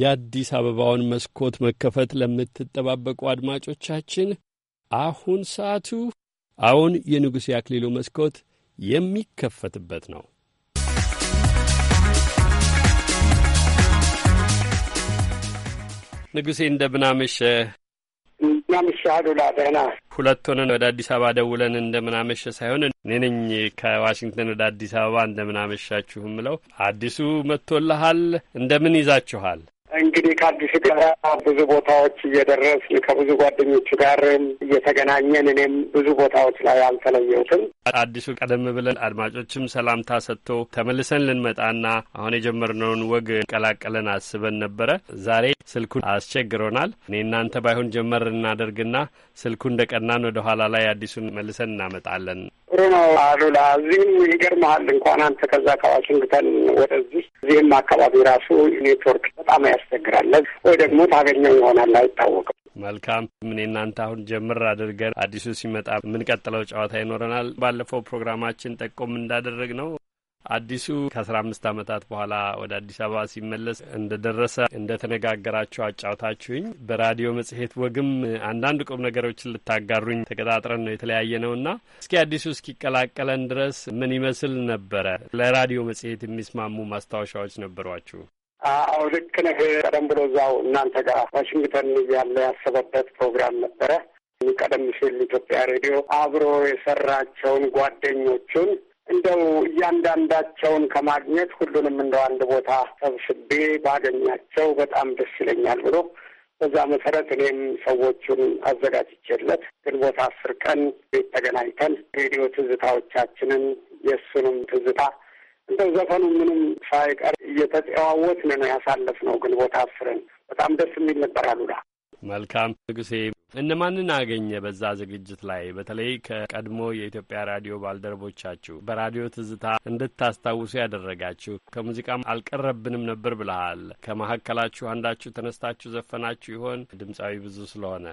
የአዲስ አበባውን መስኮት መከፈት ለምትጠባበቁ አድማጮቻችን አሁን ሰዓቱ አሁን የንጉሥ አክሊሉ መስኮት የሚከፈትበት ነው። ንጉሴ እንደምናመሸ ናምሻሉ ደህና ሁለቱንን ወደ አዲስ አበባ ደውለን እንደምናመሸ ሳይሆን እኔ ነኝ ከዋሽንግተን ወደ አዲስ አበባ እንደምናመሻችሁ ምለው። አዲሱ መጥቶልሃል። እንደምን ይዛችኋል? እንግዲህ ከአዲሱ ጋር ብዙ ቦታዎች እየደረስ ከብዙ ጓደኞቹ ጋር እየተገናኘን እኔም ብዙ ቦታዎች ላይ አልተለየሁትም። አዲሱ ቀደም ብለን አድማጮችም ሰላምታ ሰጥቶ ተመልሰን ልንመጣና አሁን የጀመርነውን ወግ ቀላቀለን አስበን ነበረ። ዛሬ ስልኩን አስቸግሮናል። እኔ እናንተ ባይሆን ጀመር እናደርግና ስልኩ እንደ ቀናን ወደ ኋላ ላይ አዲሱን መልሰን እናመጣለን። ጥሩ ነው አሉላ። እዚህም ይገርመሃል እንኳን አንተ ከዛ ከዋሽንግተን ወደዚህ እዚህም አካባቢ ራሱ ኔትወርክ በጣም ያስ እንቸግራለን ወይ ደግሞ ታገኘው ይሆናል አይታወቅም። መልካም ምን እናንተ አሁን ጀምር አድርገን አዲሱ ሲመጣ የምንቀጥለው ጨዋታ ይኖረናል። ባለፈው ፕሮግራማችን ጠቆም እንዳደረግ ነው አዲሱ ከአስራ አምስት ዓመታት በኋላ ወደ አዲስ አበባ ሲመለስ እንደደረሰ ተነጋገራችሁ አጫውታችሁኝ በራዲዮ መጽሔት ወግም አንዳንድ ቁም ነገሮችን ልታጋሩኝ ተቀጣጥረን ነው የተለያየ ነውና እስኪ አዲሱ እስኪቀላቀለን ድረስ ምን ይመስል ነበረ? ለራዲዮ መጽሔት የሚስማሙ ማስታወሻዎች ነበሯችሁ? አዎ ልክ ነህ። ቀደም ብሎ እዛው እናንተ ጋር ዋሽንግተን ያለ ያሰበበት ፕሮግራም ነበረ። ቀደም ሲል ኢትዮጵያ ሬዲዮ አብሮ የሰራቸውን ጓደኞቹን እንደው እያንዳንዳቸውን ከማግኘት ሁሉንም እንደው አንድ ቦታ ሰብስቤ ባገኛቸው በጣም ደስ ይለኛል ብሎ በዛ መሰረት እኔም ሰዎቹን አዘጋጅቼለት ግንቦት አስር ቀን ቤት ተገናኝተን ሬዲዮ ትዝታዎቻችንን የእሱንም ትዝታ እንደ ዘፈኑ ምንም ሳይቀር እየተጨዋወትን ነው ያሳለፍነው ግንቦት አስርን። በጣም ደስ የሚል ነበር። አሉላ መልካም ንጉሴ እነማንን አገኘ በዛ ዝግጅት ላይ? በተለይ ከቀድሞ የኢትዮጵያ ራዲዮ ባልደረቦቻችሁ በራዲዮ ትዝታ እንድታስታውሱ ያደረጋችሁ ከሙዚቃም አልቀረብንም ነበር ብለሃል። ከመካከላችሁ አንዳችሁ ተነስታችሁ ዘፈናችሁ ይሆን? ድምፃዊ ብዙ ስለሆነ።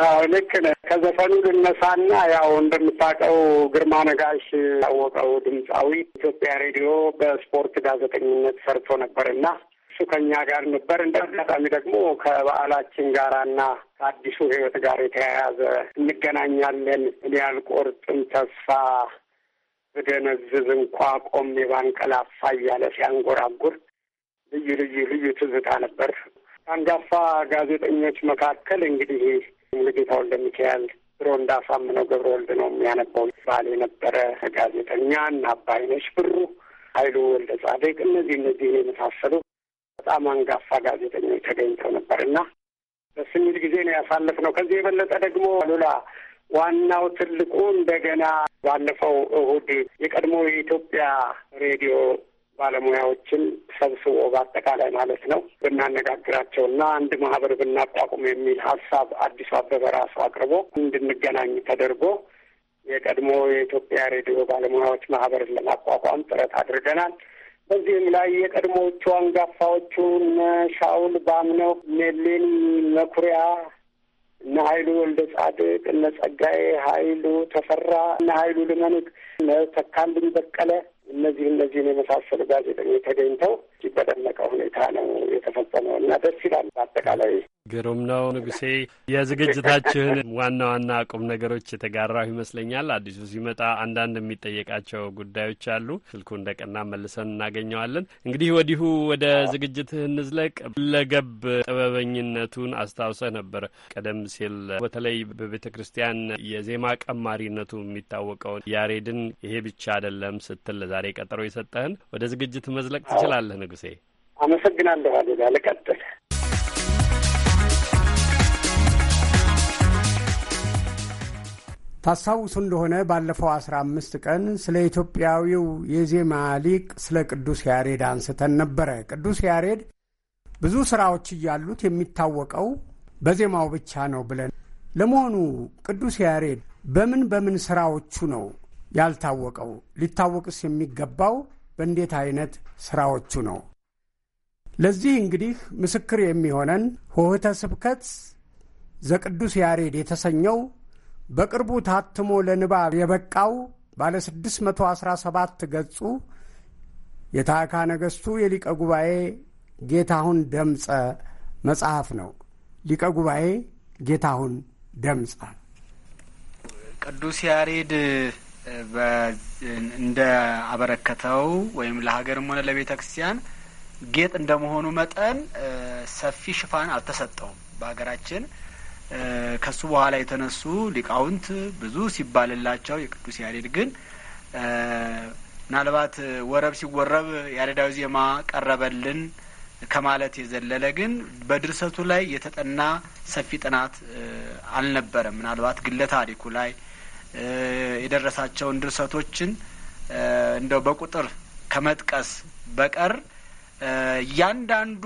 አዎ ልክ ነህ። ከዘፈኑ ልነሳና ያው እንደምታውቀው ግርማ ነጋሽ ታወቀው ድምፃዊ ኢትዮጵያ ሬዲዮ በስፖርት ጋዜጠኝነት ሰርቶ ነበር እሱ ከኛ ጋር ነበር። እንደ አጋጣሚ ደግሞ ከበዓላችን ጋራና ከአዲሱ ህይወት ጋር የተያያዘ እንገናኛለን። እኔ አልቆርጥም ተስፋ ብደነዝዝ እንኳ ቆም ባንቀላፋ እያለ ሲያንጎራጉር ልዩ ልዩ ልዩ ትዝታ ነበር። ከአንጋፋ ጋዜጠኞች መካከል እንግዲህ ሙሉጌታ ወልደ ሚካኤል ድሮ እንዳሳምነው ገብረ ወልድ ነው የሚያነባው። ይባል የነበረ ጋዜጠኛ እና አባይነሽ ብሩ፣ ኃይሉ ወልደ ጻድቅ፣ እነዚህ እነዚህን የመሳሰሉ በጣም አንጋፋ ጋዜጠኞች ተገኝተው ነበር እና ደስ የሚል ጊዜ ነው ያሳለፍነው። ከዚህ የበለጠ ደግሞ አሉላ ዋናው ትልቁ እንደገና ባለፈው እሁድ የቀድሞ የኢትዮጵያ ሬዲዮ ባለሙያዎችን ሰብስቦ በአጠቃላይ ማለት ነው ብናነጋግራቸው እና አንድ ማህበር ብናቋቁም የሚል ሀሳብ አዲሱ አበበ ራሱ አቅርቦ እንድንገናኝ ተደርጎ የቀድሞ የኢትዮጵያ ሬዲዮ ባለሙያዎች ማህበር ለማቋቋም ጥረት አድርገናል። በዚህም ላይ የቀድሞዎቹ አንጋፋዎቹ እነ ሻውል ባምነው፣ ኔሌኒ መኩሪያ፣ እነ ሀይሉ ወልደ ጻድቅ፣ እነ ጸጋዬ ሀይሉ ተፈራ፣ እነ ሀይሉ ልመኑት፣ እነ ተካልኝ በቀለ እነዚህ እነዚህን የመሳሰሉ ጋዜጠኞች ተገኝተው እጅግ በደመቀ ሁኔታ ነው የተፈጸመው እና ደስ ይላል። አጠቃላይ ግሩም ነው። ንጉሴ የዝግጅታችን ዋና ዋና ቁም ነገሮች የተጋራሁ ይመስለኛል። አዲሱ ሲመጣ አንዳንድ የሚጠየቃቸው ጉዳዮች አሉ። ስልኩ እንደቀና መልሰን እናገኘዋለን። እንግዲህ ወዲሁ ወደ ዝግጅትህ እንዝለቅ። ለገብ ጥበበኝነቱን አስታውሰህ ነበር ቀደም ሲል በተለይ በቤተ ክርስቲያን የዜማ ቀማሪነቱ የሚታወቀውን ያሬድን ይሄ ብቻ አይደለም ስትል ለዛሬ ቀጠሮ የሰጠህን ወደ ዝግጅት መዝለቅ ትችላለህ ንጉ ንጉሴ አመሰግናለሁ። አሉላ ልቀጥል። ታስታውሱ እንደሆነ ባለፈው አስራ አምስት ቀን ስለ ኢትዮጵያዊው የዜማ ሊቅ ስለ ቅዱስ ያሬድ አንስተን ነበረ። ቅዱስ ያሬድ ብዙ ስራዎች እያሉት የሚታወቀው በዜማው ብቻ ነው ብለን ለመሆኑ ቅዱስ ያሬድ በምን በምን ስራዎቹ ነው ያልታወቀው? ሊታወቅስ የሚገባው በእንዴት አይነት ሥራዎቹ ነው። ለዚህ እንግዲህ ምስክር የሚሆነን ሆህተ ስብከት ዘቅዱስ ያሬድ የተሰኘው በቅርቡ ታትሞ ለንባብ የበቃው ባለ 617 ገጹ የታዕካ ነገሥቱ የሊቀ ጉባኤ ጌታሁን ደምፀ መጽሐፍ ነው። ሊቀ ጉባኤ ጌታሁን ደምፀ ቅዱስ ያሬድ እንደ አበረከተው ወይም ለሀገርም ሆነ ለቤተ ክርስቲያን ጌጥ እንደመሆኑ መጠን ሰፊ ሽፋን አልተሰጠውም። በሀገራችን ከሱ በኋላ የተነሱ ሊቃውንት ብዙ ሲባልላቸው የቅዱስ ያሬድ ግን ምናልባት ወረብ ሲወረብ ያሬዳዊ ዜማ ቀረበልን ከማለት የዘለለ ግን በድርሰቱ ላይ የተጠና ሰፊ ጥናት አልነበረም። ምናልባት ግለ ታሪኩ ላይ የደረሳቸውን ድርሰቶችን እንደው በቁጥር ከመጥቀስ በቀር እያንዳንዱ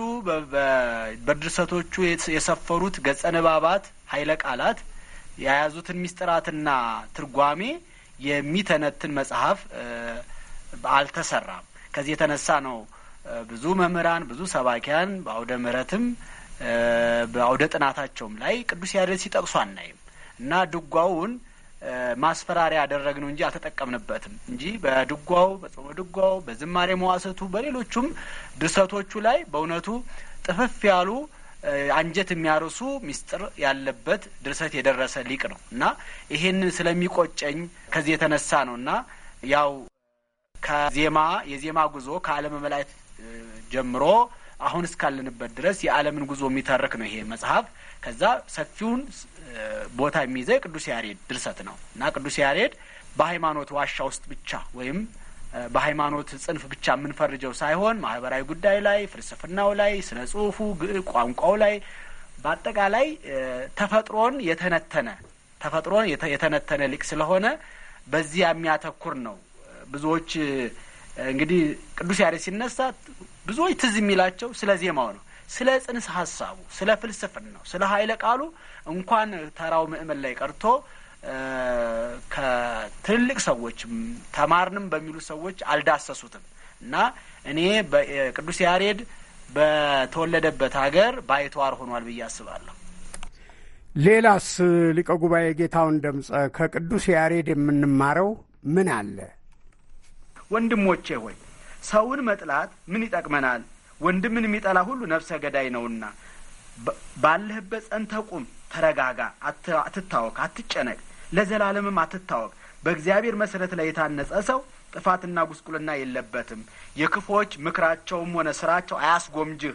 በድርሰቶቹ የሰፈሩት ገጸ ንባባት ኃይለ ቃላት የያዙትን ሚስጥራትና ትርጓሜ የሚተነትን መጽሐፍ አልተሰራም። ከዚህ የተነሳ ነው ብዙ መምህራን፣ ብዙ ሰባኪያን በአውደ ምሕረትም በአውደ ጥናታቸውም ላይ ቅዱስ ያሬድ ሲጠቅሱ አናይም እና ድጓውን ማስፈራሪያ ነው እንጂ አልተጠቀምንበትም እንጂ በድጓው በጾመ ድጓው በዝማሬ መዋሰቱ በሌሎቹም ድርሰቶቹ ላይ በእውነቱ ጥፍፍ ያሉ አንጀት የሚያርሱ ሚስጥር ያለበት ድርሰት የደረሰ ሊቅ ነው እና ይሄንን ስለሚቆጨኝ ከዚህ የተነሳ ነው እና ያው ከዜማ የዜማ ጉዞ ከአለመ መላእክት ጀምሮ አሁን እስካለንበት ድረስ የዓለምን ጉዞ የሚተርክ ነው ይሄ መጽሐፍ። ከዛ ሰፊውን ቦታ የሚይዘ ቅዱስ ያሬድ ድርሰት ነው እና ቅዱስ ያሬድ በሃይማኖት ዋሻ ውስጥ ብቻ ወይም በሃይማኖት ጽንፍ ብቻ የምንፈርጀው ሳይሆን ማህበራዊ ጉዳይ ላይ፣ ፍልስፍናው ላይ፣ ስነ ጽሁፉ፣ ቋንቋው ላይ በአጠቃላይ ተፈጥሮን የተነተነ ተፈጥሮን የተነተነ ሊቅ ስለሆነ በዚያ የሚያተኩር ነው። ብዙዎች እንግዲህ ቅዱስ ያሬድ ሲነሳ ብዙዎች ትዝ የሚላቸው ስለ ዜማው ነው፣ ስለ ጽንሰ ሀሳቡ፣ ስለ ፍልስፍን ነው፣ ስለ ኃይለ ቃሉ እንኳን ተራው ምእመን ላይ ቀርቶ ከትልልቅ ሰዎችም ተማርንም በሚሉ ሰዎች አልዳሰሱትም እና እኔ ቅዱስ ያሬድ በተወለደበት ሀገር ባይተዋር ሆኗል ብዬ አስባለሁ። ሌላስ ሊቀ ጉባኤ ጌታውን ደምጸ ከቅዱስ ያሬድ የምንማረው ምን አለ? ወንድሞቼ ሆይ ሰውን መጥላት ምን ይጠቅመናል? ወንድምን የሚጠላ ሁሉ ነፍሰ ገዳይ ነውና ባለህበት ጸንተህ ቁም። ተረጋጋ፣ አትታወክ፣ አትጨነቅ፣ ለዘላለምም አትታወክ። በእግዚአብሔር መሰረት ላይ የታነጸ ሰው ጥፋትና ጉስቁልና የለበትም። የክፎች ምክራቸውም ሆነ ስራቸው አያስጎምጅህ።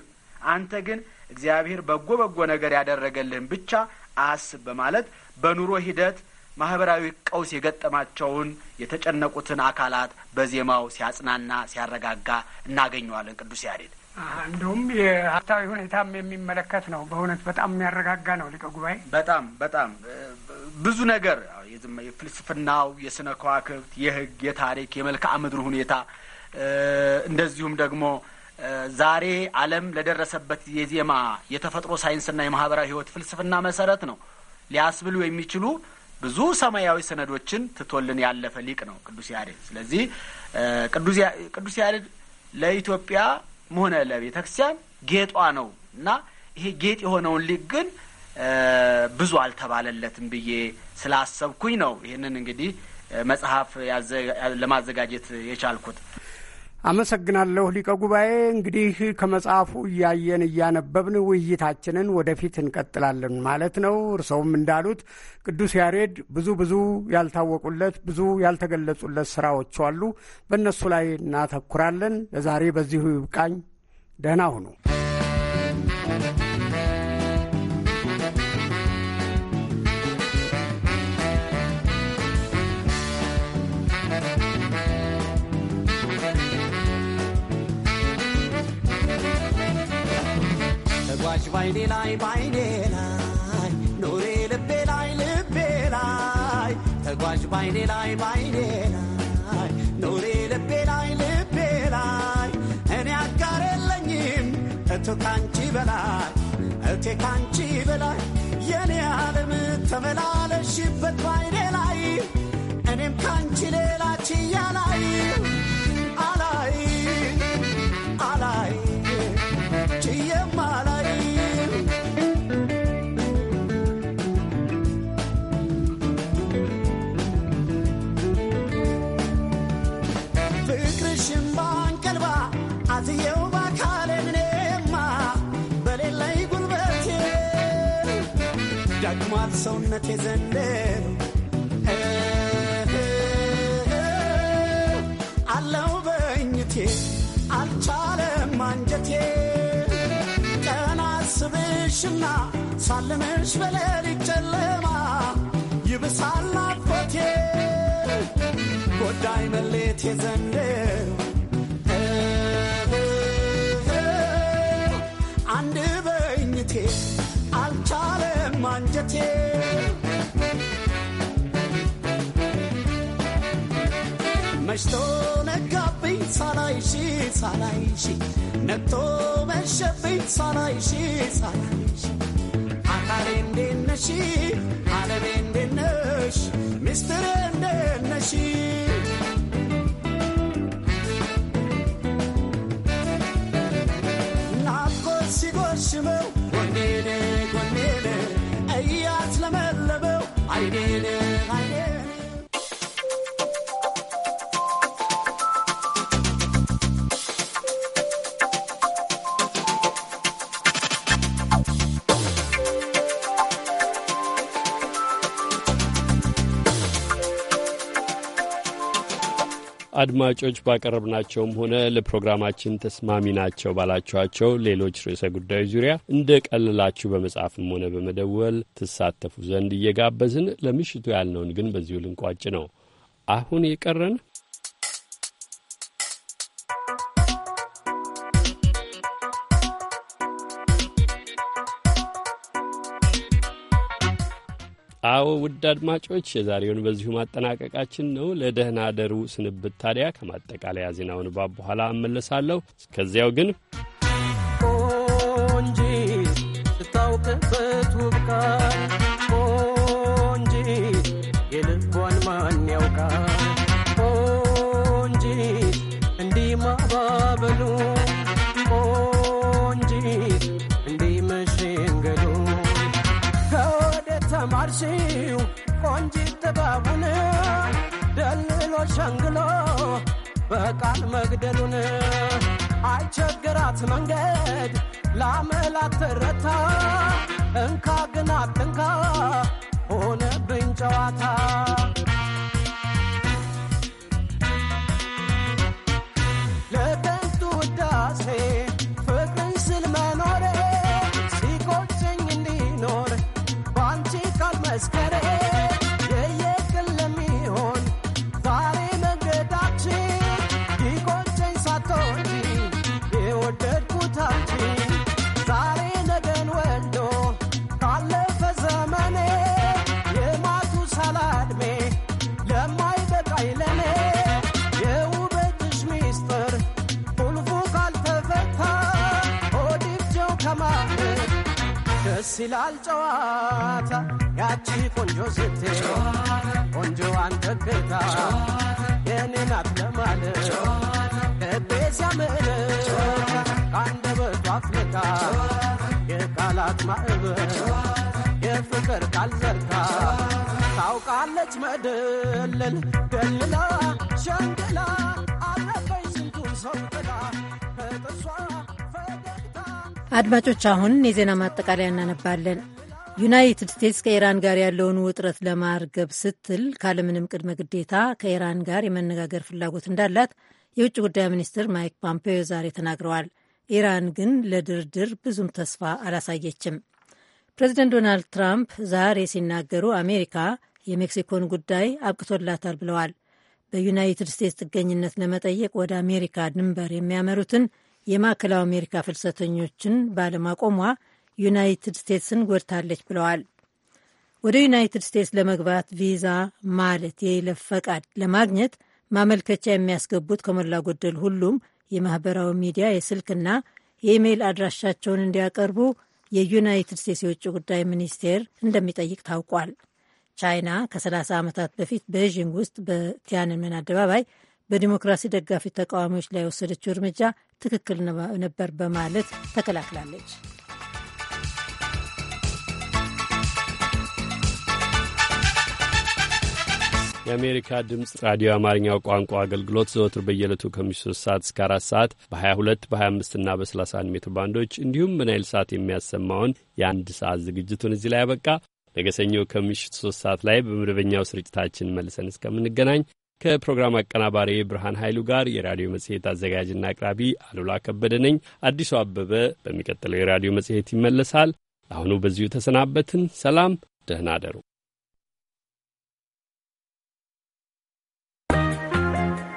አንተ ግን እግዚአብሔር በጎ በጎ ነገር ያደረገልህን ብቻ አስብ በማለት በኑሮ ሂደት ማህበራዊ ቀውስ የገጠማቸውን የተጨነቁትን አካላት በዜማው ሲያጽናና ሲያረጋጋ እናገኘዋለን ቅዱስ ያሬድ። እንዲሁም የሀብታዊ ሁኔታም የሚመለከት ነው። በእውነት በጣም የሚያረጋጋ ነው ሊቀ ጉባኤ። በጣም በጣም ብዙ ነገር የፍልስፍናው፣ የስነ ከዋክብት፣ የህግ፣ የታሪክ፣ የመልክዓ ምድር ሁኔታ እንደዚሁም ደግሞ ዛሬ ዓለም ለደረሰበት የዜማ የተፈጥሮ ሳይንስና የማህበራዊ ህይወት ፍልስፍና መሰረት ነው ሊያስብሉ የሚችሉ ብዙ ሰማያዊ ሰነዶችን ትቶልን ያለፈ ሊቅ ነው ቅዱስ ያሬድ። ስለዚህ ቅዱስ ያሬድ ለኢትዮጵያ ሆነ ለቤተ ክርስቲያን ጌጧ ነው እና ይሄ ጌጥ የሆነውን ሊቅ ግን ብዙ አልተባለለትም ብዬ ስላሰብኩኝ ነው ይህንን እንግዲህ መጽሐፍ ለማዘጋጀት የቻልኩት። አመሰግናለሁ ሊቀ ጉባኤ። እንግዲህ ከመጽሐፉ እያየን እያነበብን ውይይታችንን ወደፊት እንቀጥላለን ማለት ነው። እርሰውም እንዳሉት ቅዱስ ያሬድ ብዙ ብዙ ያልታወቁለት ብዙ ያልተገለጹለት ስራዎች አሉ። በእነሱ ላይ እናተኩራለን። ለዛሬ በዚሁ ይብቃኝ። ደህና ሁኑ። ገባሽ ባይኔ ላይ ባይኔ ላይ ኖሬ ልቤ ላይ ልቤ ላይ ተጓሽ ባይኔ ላይ ባይኔ ላይ ኖሬ ልቤ ላይ ልቤ ላይ እኔ አጋር የለኝም እቶ ካንቺ በላይ እቴ ካንቺ በላይ የኔ ዓለም ተመላለሽበት ባይኔ ላይ እኔም ካንቺ ሌላ ችያ ላይ አላይ አላይ ሰውነት የዘንብ አለው በእኝቴ አልቻለም አንጀቴ ቀና ስብሽና ሳልምሽ በሌሊት ጨለማ ይብሳል ናፍቆቴ ጎዳይ መሌት የዘንብ wagged your tail. መሽቶ ነጋብኝ ሳላይሽ ሳላይሽ ነቶ መሸብኝ ሳላይሽ ሳላይሽ አካሌ እንዴት ነሽ ዓለሜ እንዴት ነሽ አድማጮች ባቀረብናቸውም ሆነ ለፕሮግራማችን ተስማሚ ናቸው ባላችኋቸው ሌሎች ርዕሰ ጉዳዮች ዙሪያ እንደ ቀልላችሁ በመጻፍም ሆነ በመደወል ትሳተፉ ዘንድ እየጋበዝን ለምሽቱ ያልነውን ግን በዚሁ ልንቋጭ ነው። አሁን የቀረን አዎ ውድ አድማጮች፣ የዛሬውን በዚሁ ማጠናቀቃችን ነው። ለደህና አደሩ ስንብት ታዲያ ከማጠቃለያ ዜናውን ባብ በኋላ እመለሳለሁ። እስከዚያው ግን ቆንጂ ስታውቅበት ውብቃል ሲው ቆንጂት ጥበቡን ደልሎ ሸንግሎ በቃል መግደሉን አይቸግራት መንገድ ላመላት ትረታ እንካ ግና ትንካ ሆነብኝ ጨዋታ ይላል ጨዋታ ያቺ ቆንጆ ስቴ ቆንጆ አንተ ቤታ የኔ ናት ለማለት ልቤ ሲያምር የቃላት ማዕበል የፍቅር ቃል ዘርታ ታውቃለች መድልል ደልላ ሸንግላ አለፈኝ ስንቱን ሰው ጥላ አድማጮች፣ አሁን የዜና ማጠቃለያ እናነባለን። ዩናይትድ ስቴትስ ከኢራን ጋር ያለውን ውጥረት ለማርገብ ስትል ካለምንም ቅድመ ግዴታ ከኢራን ጋር የመነጋገር ፍላጎት እንዳላት የውጭ ጉዳይ ሚኒስትር ማይክ ፖምፔዮ ዛሬ ተናግረዋል። ኢራን ግን ለድርድር ብዙም ተስፋ አላሳየችም። ፕሬዚደንት ዶናልድ ትራምፕ ዛሬ ሲናገሩ አሜሪካ የሜክሲኮን ጉዳይ አብቅቶላታል ብለዋል። በዩናይትድ ስቴትስ ጥገኝነት ለመጠየቅ ወደ አሜሪካ ድንበር የሚያመሩትን የማዕከላዊ አሜሪካ ፍልሰተኞችን ባለማቆሟ ዩናይትድ ስቴትስን ጎድታለች ብለዋል። ወደ ዩናይትድ ስቴትስ ለመግባት ቪዛ ማለት የይለፍ ፈቃድ ለማግኘት ማመልከቻ የሚያስገቡት ከሞላ ጎደል ሁሉም የማህበራዊ ሚዲያ የስልክና የኢሜይል አድራሻቸውን እንዲያቀርቡ የዩናይትድ ስቴትስ የውጭ ጉዳይ ሚኒስቴር እንደሚጠይቅ ታውቋል። ቻይና ከ30 ዓመታት በፊት ቤዥንግ ውስጥ በቲያንመን አደባባይ በዲሞክራሲ ደጋፊ ተቃዋሚዎች ላይ የወሰደችው እርምጃ ትክክል ነበር በማለት ተከላክላለች። የአሜሪካ ድምፅ ራዲዮ አማርኛው ቋንቋ አገልግሎት ዘወትር በየዕለቱ ከምሽቱ 3 ሰዓት እስከ 4 ሰዓት በ22 በ25 እና በ31 ሜትር ባንዶች እንዲሁም በናይል ሰዓት የሚያሰማውን የአንድ ሰዓት ዝግጅቱን እዚህ ላይ ያበቃ። ነገ ሰኞ ከምሽቱ 3 ሰዓት ላይ በመደበኛው ስርጭታችን መልሰን እስከምንገናኝ ከፕሮግራም አቀናባሪ ብርሃን ኃይሉ ጋር የራዲዮ መጽሔት አዘጋጅና አቅራቢ አሉላ ከበደ ነኝ። አዲሱ አበበ በሚቀጥለው የራዲዮ መጽሔት ይመለሳል። አሁኑ በዚሁ ተሰናበትን። ሰላም፣ ደህና አደሩ።